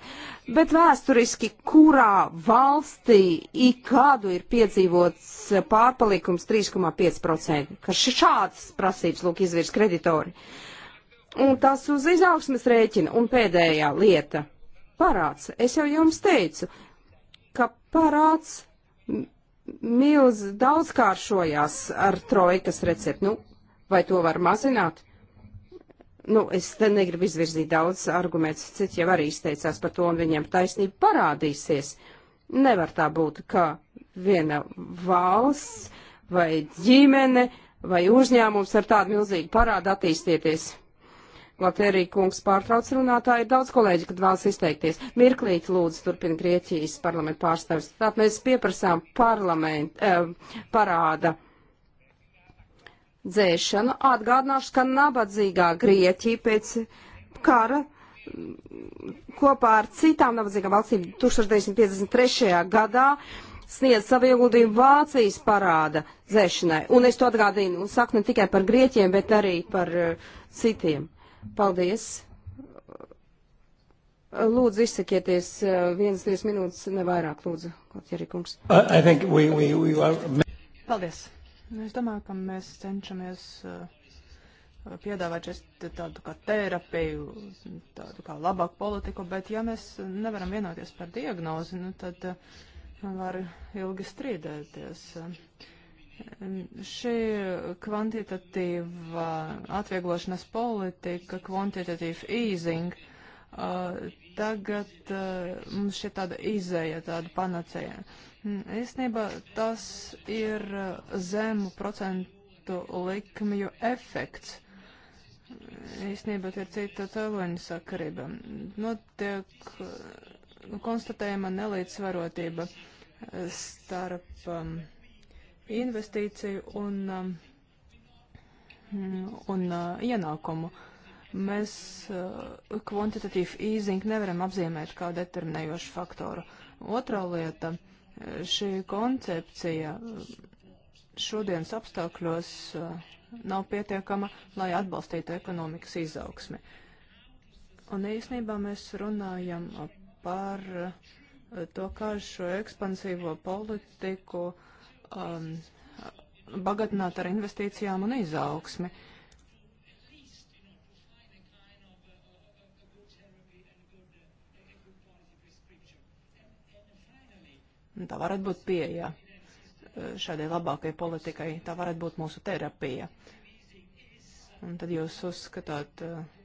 bet vēsturiski kurā valstī ik kādu ir piedzīvots uh, pārpalikums 3,5%, ka šādas prasības lūk izvirs kreditori. Un tas uz izaugsmes rēķina un pēdējā lieta - parāds. Es jau jums teicu, parāds milz daudzkāršojās ar trojkas receptu. Nu, vai to var mazināt? Nu, es te negribu izvirzīt daudz argumentus, citi jau arī izteicās par to, un viņiem taisnība parādīsies. Nevar tā būt, ka viena valsts vai ģimene vai uzņēmums ar tādu milzīgu parādu attīstieties. Latērija kungs pārtrauc runātā, ir daudz kolēģi, kad vēlas izteikties. Mirklīt lūdzu turpina Grieķijas parlamentu pārstāvis. Tātad mēs pieprasām parlamentu eh, parāda dzēšanu. Atgādināšu, ka nabadzīgā Grieķija pēc kara mm, kopā ar citām nabadzīgām valstīm 1953. gadā sniedz savu ieguldījumu Vācijas parāda dzēšanai. Un es to atgādinu un saku ne tikai par grieķiem, bet arī par uh, citiem. Paldies! Lūdzu, izsakieties eh, vienas, divas minūtes, nevairāk, lūdzu, Kotjeri kungs. We, we, we are... Paldies! Nu, es domāju, ka mēs cenšamies eh, piedāvāt tādu kā terapiju, tādu kā labāku politiku, bet ja mēs nevaram vienoties par diagnozi, nu tad eh, var ilgi strīdēties. Uh, Šī kvantitatīva atvieglošanas politika, kvantitatīva easing, uh, tagad uh, mums šī tāda izēja, tāda panacēja. Mm, īstenībā tas ir uh, zemu procentu likmju efekts. Īstenībā tie ir cita cēloņa sakarība. Notiek uh, konstatējama nelīdzsvarotība uh, starp um, investīciju un, um, un uh, ienākumu. Mēs uh, kvantitatīvu īzingu nevaram apzīmēt kā determinējošu faktoru. Otrā lieta uh, - šī koncepcija šodienas apstākļos nav pietiekama, lai atbalstītu ekonomikas izaugsmi. Un īsnībā mēs runājam par to, kā šo ekspansīvo politiku uh, um, bagātināt ar investīcijām un izaugsmi. Un tā varētu būt pieeja uh, šādai labākai politikai, tā varētu būt mūsu terapija. Un tad jūs uzskatāt, uh,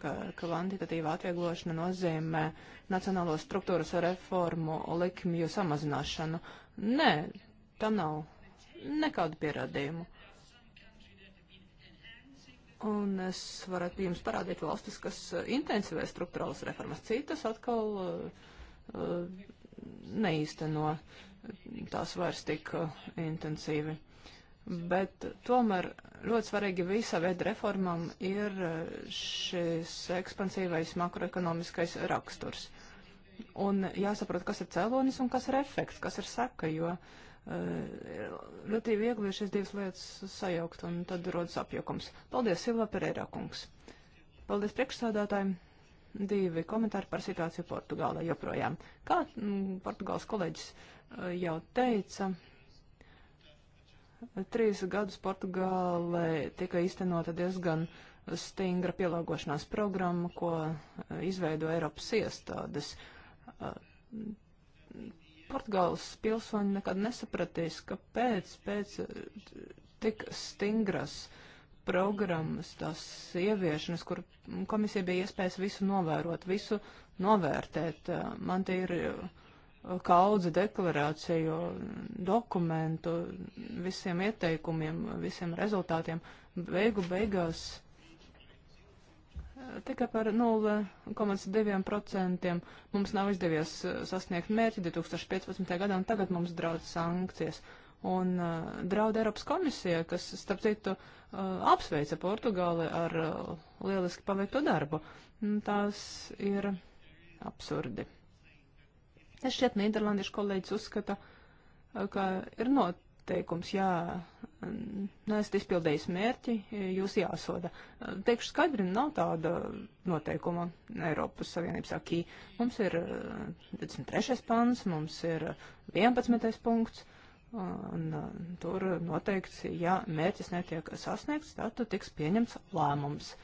ka kvantitatīva atvieglošana nozīmē nacionālo struktūras reformu likmju samazināšanu. Nē, Tam nav nekādu pierādījumu. Un es varētu jums parādīt valstis, kas uh, intensivē struktūrālas reformas. Citas atkal uh, uh neīsteno tās vairs tik uh, intensīvi. Bet tomēr ļoti svarīgi visā veida reformām ir šis ekspansīvais makroekonomiskais raksturs. Un jāsaprot, kas ir cēlonis un kas ir efekts, kas ir saka, jo uh, Eh, ļoti viegli ir šīs divas lietas sajaukt, un tad rodas apjukums. Paldies, Silva Pereira kungs. Paldies priekšsādātājiem. Divi komentāri par situāciju Portugālē joprojām. Kā mm, Portugāls kolēģis eh, jau teica, trīs gadus Portugālē tika iztenota diezgan stingra pielāgošanās programma, ko eh, izveido Eiropas iestādes Portugāles pilsoņi nekad nesapratīs, kāpēc pēc tik stingras programmas, tās ieviešanas, kur komisija bija iespējas visu novērot, visu novērtēt. Eh, man tie ir eh, kaudze deklarāciju, dokumentu, visiem ieteikumiem, visiem rezultātiem. Beigu beigās tikai par 0,2%. Mums nav izdevies eh, sasniegt mērķi 2015. gadā, un tagad mums draud sankcijas. Un uh, draud Eiropas komisija, kas, starp citu, uh, apsveica Portugāli ar uh, lieliski paveikto darbu. Tās ir absurdi. Es šķiet, Nīderlandiešu kolēģis uzskata, ka ir not teikums, ja neesat nu, izpildījis mērķi, jūs jāsoda. Teikšu skaidri, nav tāda noteikuma Eiropas Savienības akī. Mums ir 23. Eh, pants, mums ir 11. punkts, un eh, tur noteikts, ja mērķis netiek sasniegts, tad tiks pieņemts lēmums.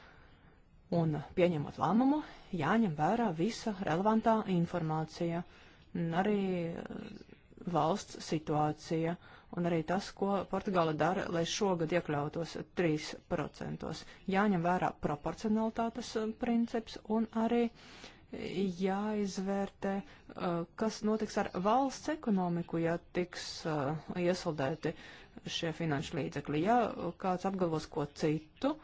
Un pieņemot lēmumu, jāņem vērā visa relevantā informācija. Un arī eh, valsts situācija un arī tas, ko Portugāla dara, lai šogad iekļautos 3%. Jāņem vērā proporcionalitātes um, princips un arī jāizvērtē, uh, kas notiks ar valsts ekonomiku, ja tiks uh, iesaldēti šie finanšu līdzekļi. Ja kāds apgalvos ko citu,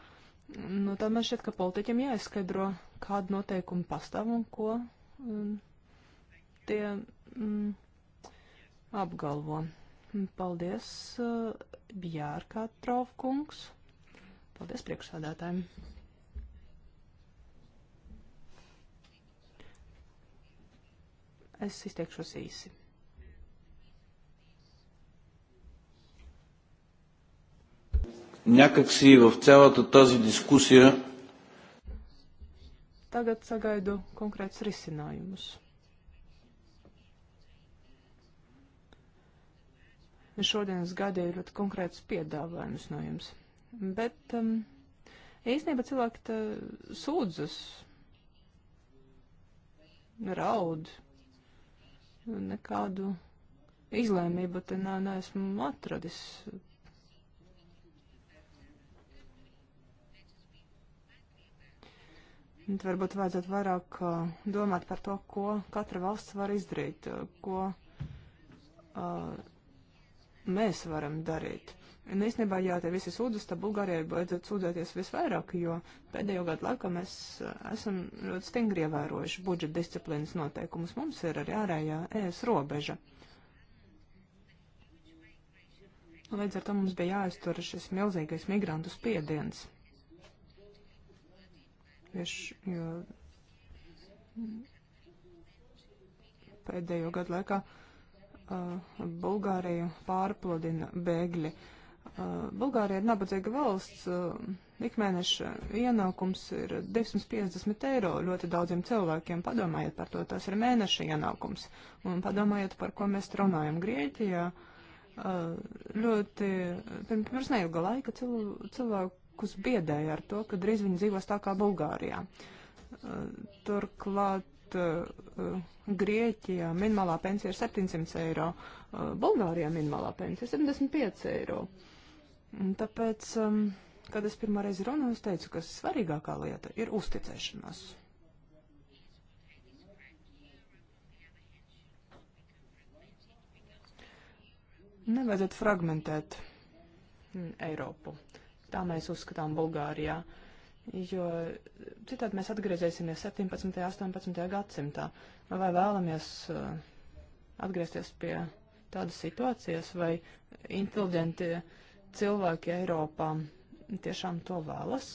nu, tad man šķiet, ka politiķiem jāizskaidro, kāda noteikuma pastāv un ko um, tie. Mm, apgalvo. Paldies, uh, Bjārkā Traufkungs. Paldies priekšsādātājiem. Es izteikšos īsi. Някак си в цялата тази дискусия. Tagad sagaidu konkrēts risinājumus. šodienas gadīju ļoti konkrētus piedāvājumus no jums. Bet um, īstenībā cilvēki tā, sūdzas, raud, nekādu izlēmību te nā, neesmu atradis. Bet varbūt vajadzētu vairāk uh, domāt par to, ko katra valsts var izdarīt, uh, ko uh, mēs varam darīt. Un īstenībā, jā, te visi sūdzas, tā Bulgārijai beidzot sūdzēties visvairāk, jo pēdējo gadu laikā mēs eh, esam ļoti stingri ievērojuši budžeta disciplīnas noteikumus. Mums ir arī ārējā ES robeža. Līdz ar to mums bija jāiztur šis milzīgais migrantu spiediens. Vieš, jo pēdējo gadu laikā uh, Bulgāriju pārpludina bēgļi. Uh, Bulgārija ir nabadzīga valsts, uh, ikmēneša ienākums ir 250 eiro ļoti daudziem cilvēkiem. Padomājiet par to, tas ir mēneša ienākums. Un padomājiet, par ko mēs runājam Grieķijā. Uh, ļoti pirms neilga laika cilvēkus biedēja ar to, ka drīz viņi dzīvos tā kā Bulgārijā. Turklāt pat uh, eh, Grieķijā minimālā pensija ir 700 eiro, uh, Bulgārijā minimālā pensija ir 75 eiro. Un tāpēc, um, kad es pirmo reizi runāju, es teicu, ka svarīgākā lieta ir uzticēšanās. Nevajadzētu fragmentēt hm, Eiropu. Tā mēs uzskatām Bulgārijā. Uh, jo citādi mēs atgriezīsimies 17. un 18. gadsimtā. Nu, vai vēlamies uh, atgriezties pie tādas situācijas, vai inteliģenti cilvēki Eiropā tiešām to vēlas?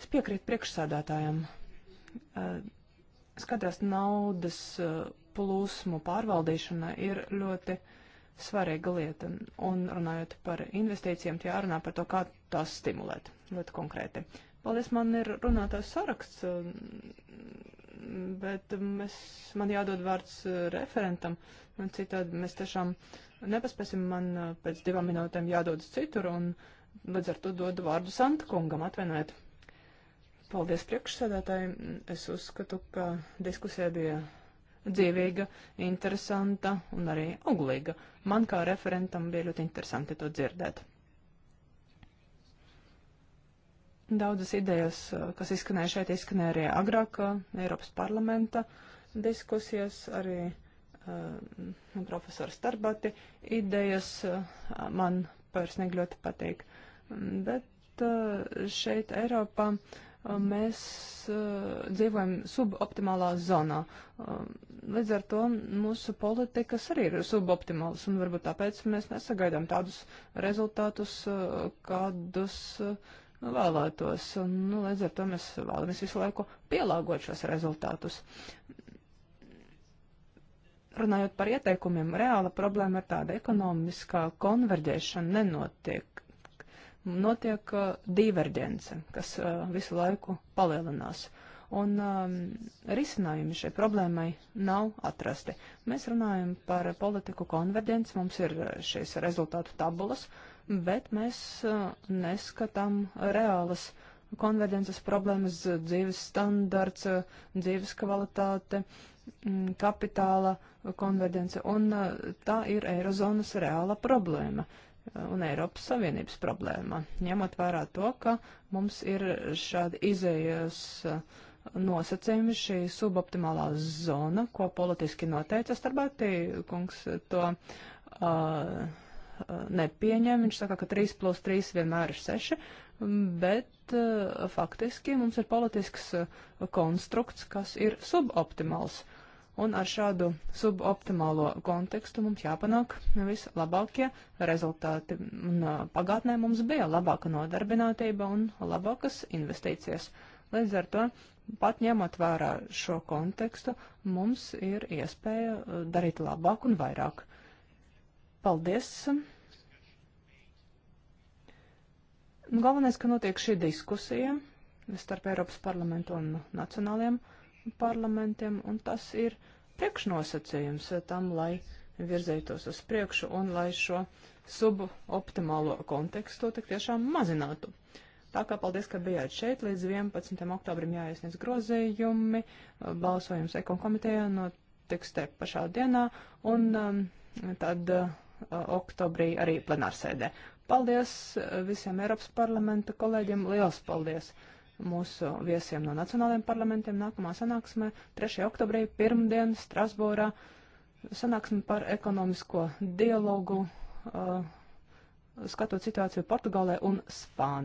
Es piekrītu priekšsēdētājiem. Uh, Skatās naudas uh, plūsmu pārvaldīšana ir ļoti uh, svarīga lieta. Un runājot par investīcijiem, tie jārunā par to, kā tās stimulēt ļoti konkrēti. Paldies, man ir runātājs saraksts, bet mēs, man jādod vārds referentam, un citādi mēs tiešām nepaspēsim, man pēc divām minūtēm jādodas citur, un līdz ar to dodu vārdu Santa kungam, atvainojiet. Paldies priekšsēdētāji, es uzskatu, ka diskusija bija dzīvīga, interesanta un arī auglīga. Man kā referentam bija ļoti interesanti to dzirdēt. Daudzas idejas, eh, kas izskanēja šeit, izskanēja arī agrāk eh, Eiropas parlamenta diskusijas, arī uh, profesora Starbati idejas uh, man personīgi ļoti patīk. Mm, bet uh, šeit Eiropā uh, Um, mēs uh, dzīvojam suboptimālā zonā. Uh, līdz ar to mūsu politikas arī ir suboptimālas, un varbūt tāpēc mēs nesagaidām tādus rezultātus, uh, kādus uh, vēlētos. Un, nu, līdz ar to mēs vēlamies visu laiku pielāgot šos rezultātus. Runājot par ieteikumiem, reāla problēma ir tāda ekonomiskā konverģēšana nenotiek notiek uh, divergence, kas uh, visu laiku palielinās. Un um, risinājumi šai problēmai nav atrasti. Mēs runājam par politiku konverģenci, mums ir uh, šīs rezultātu tabulas, bet mēs uh, neskatām reālas konverģences problēmas, dzīves standarts, dzīves kvalitāte, mm, kapitāla konverģence. Un uh, tā ir Eirozonas reāla problēma. Uh, un Eiropas Savienības problēma, ņemot vērā to, ka mums ir šādi izējas uh, nosacījumi šī suboptimālā zona, ko politiski noteica starpētī, kungs to uh, uh, nepieņem, viņš saka, ka 3 plus 3 vienmēr ir 6, bet uh, faktiski mums ir politisks uh, konstrukts, kas ir suboptimāls. Uh, Un ar šādu suboptimālo kontekstu mums jāpanāk vislabākie rezultāti. Un, uh, pagātnē mums bija labāka nodarbinātība un labākas investīcijas. Līdz ar to, pat ņemot vērā šo kontekstu, mums ir iespēja uh, darīt labāk un vairāk. Paldies! Galvenais, ka notiek šī diskusija starp Eiropas parlamentu un nacionāliem parlamentu parlamentiem, un tas ir priekšnosacījums tam, lai virzētos uz priekšu un lai šo suboptimālo kontekstu tik tiešām mazinātu. Tā kā paldies, ka bijāt šeit. Līdz 11. oktobrim jāiesniedz grozījumi. Balsojums ekon komitejā notiks te pašā dienā. Un um, tad uh, oktobrī arī plenārsēdē. Paldies uh, visiem Eiropas parlamenta kolēģiem. Liels paldies! mūsu viesiem no nacionālajiem parlamentiem. Nākamā sanāksme 3. oktobrī, pirmdien, Strasbūrā, sanāksme par ekonomisko dialogu, uh, skatot situāciju Portugālē un Spānijā.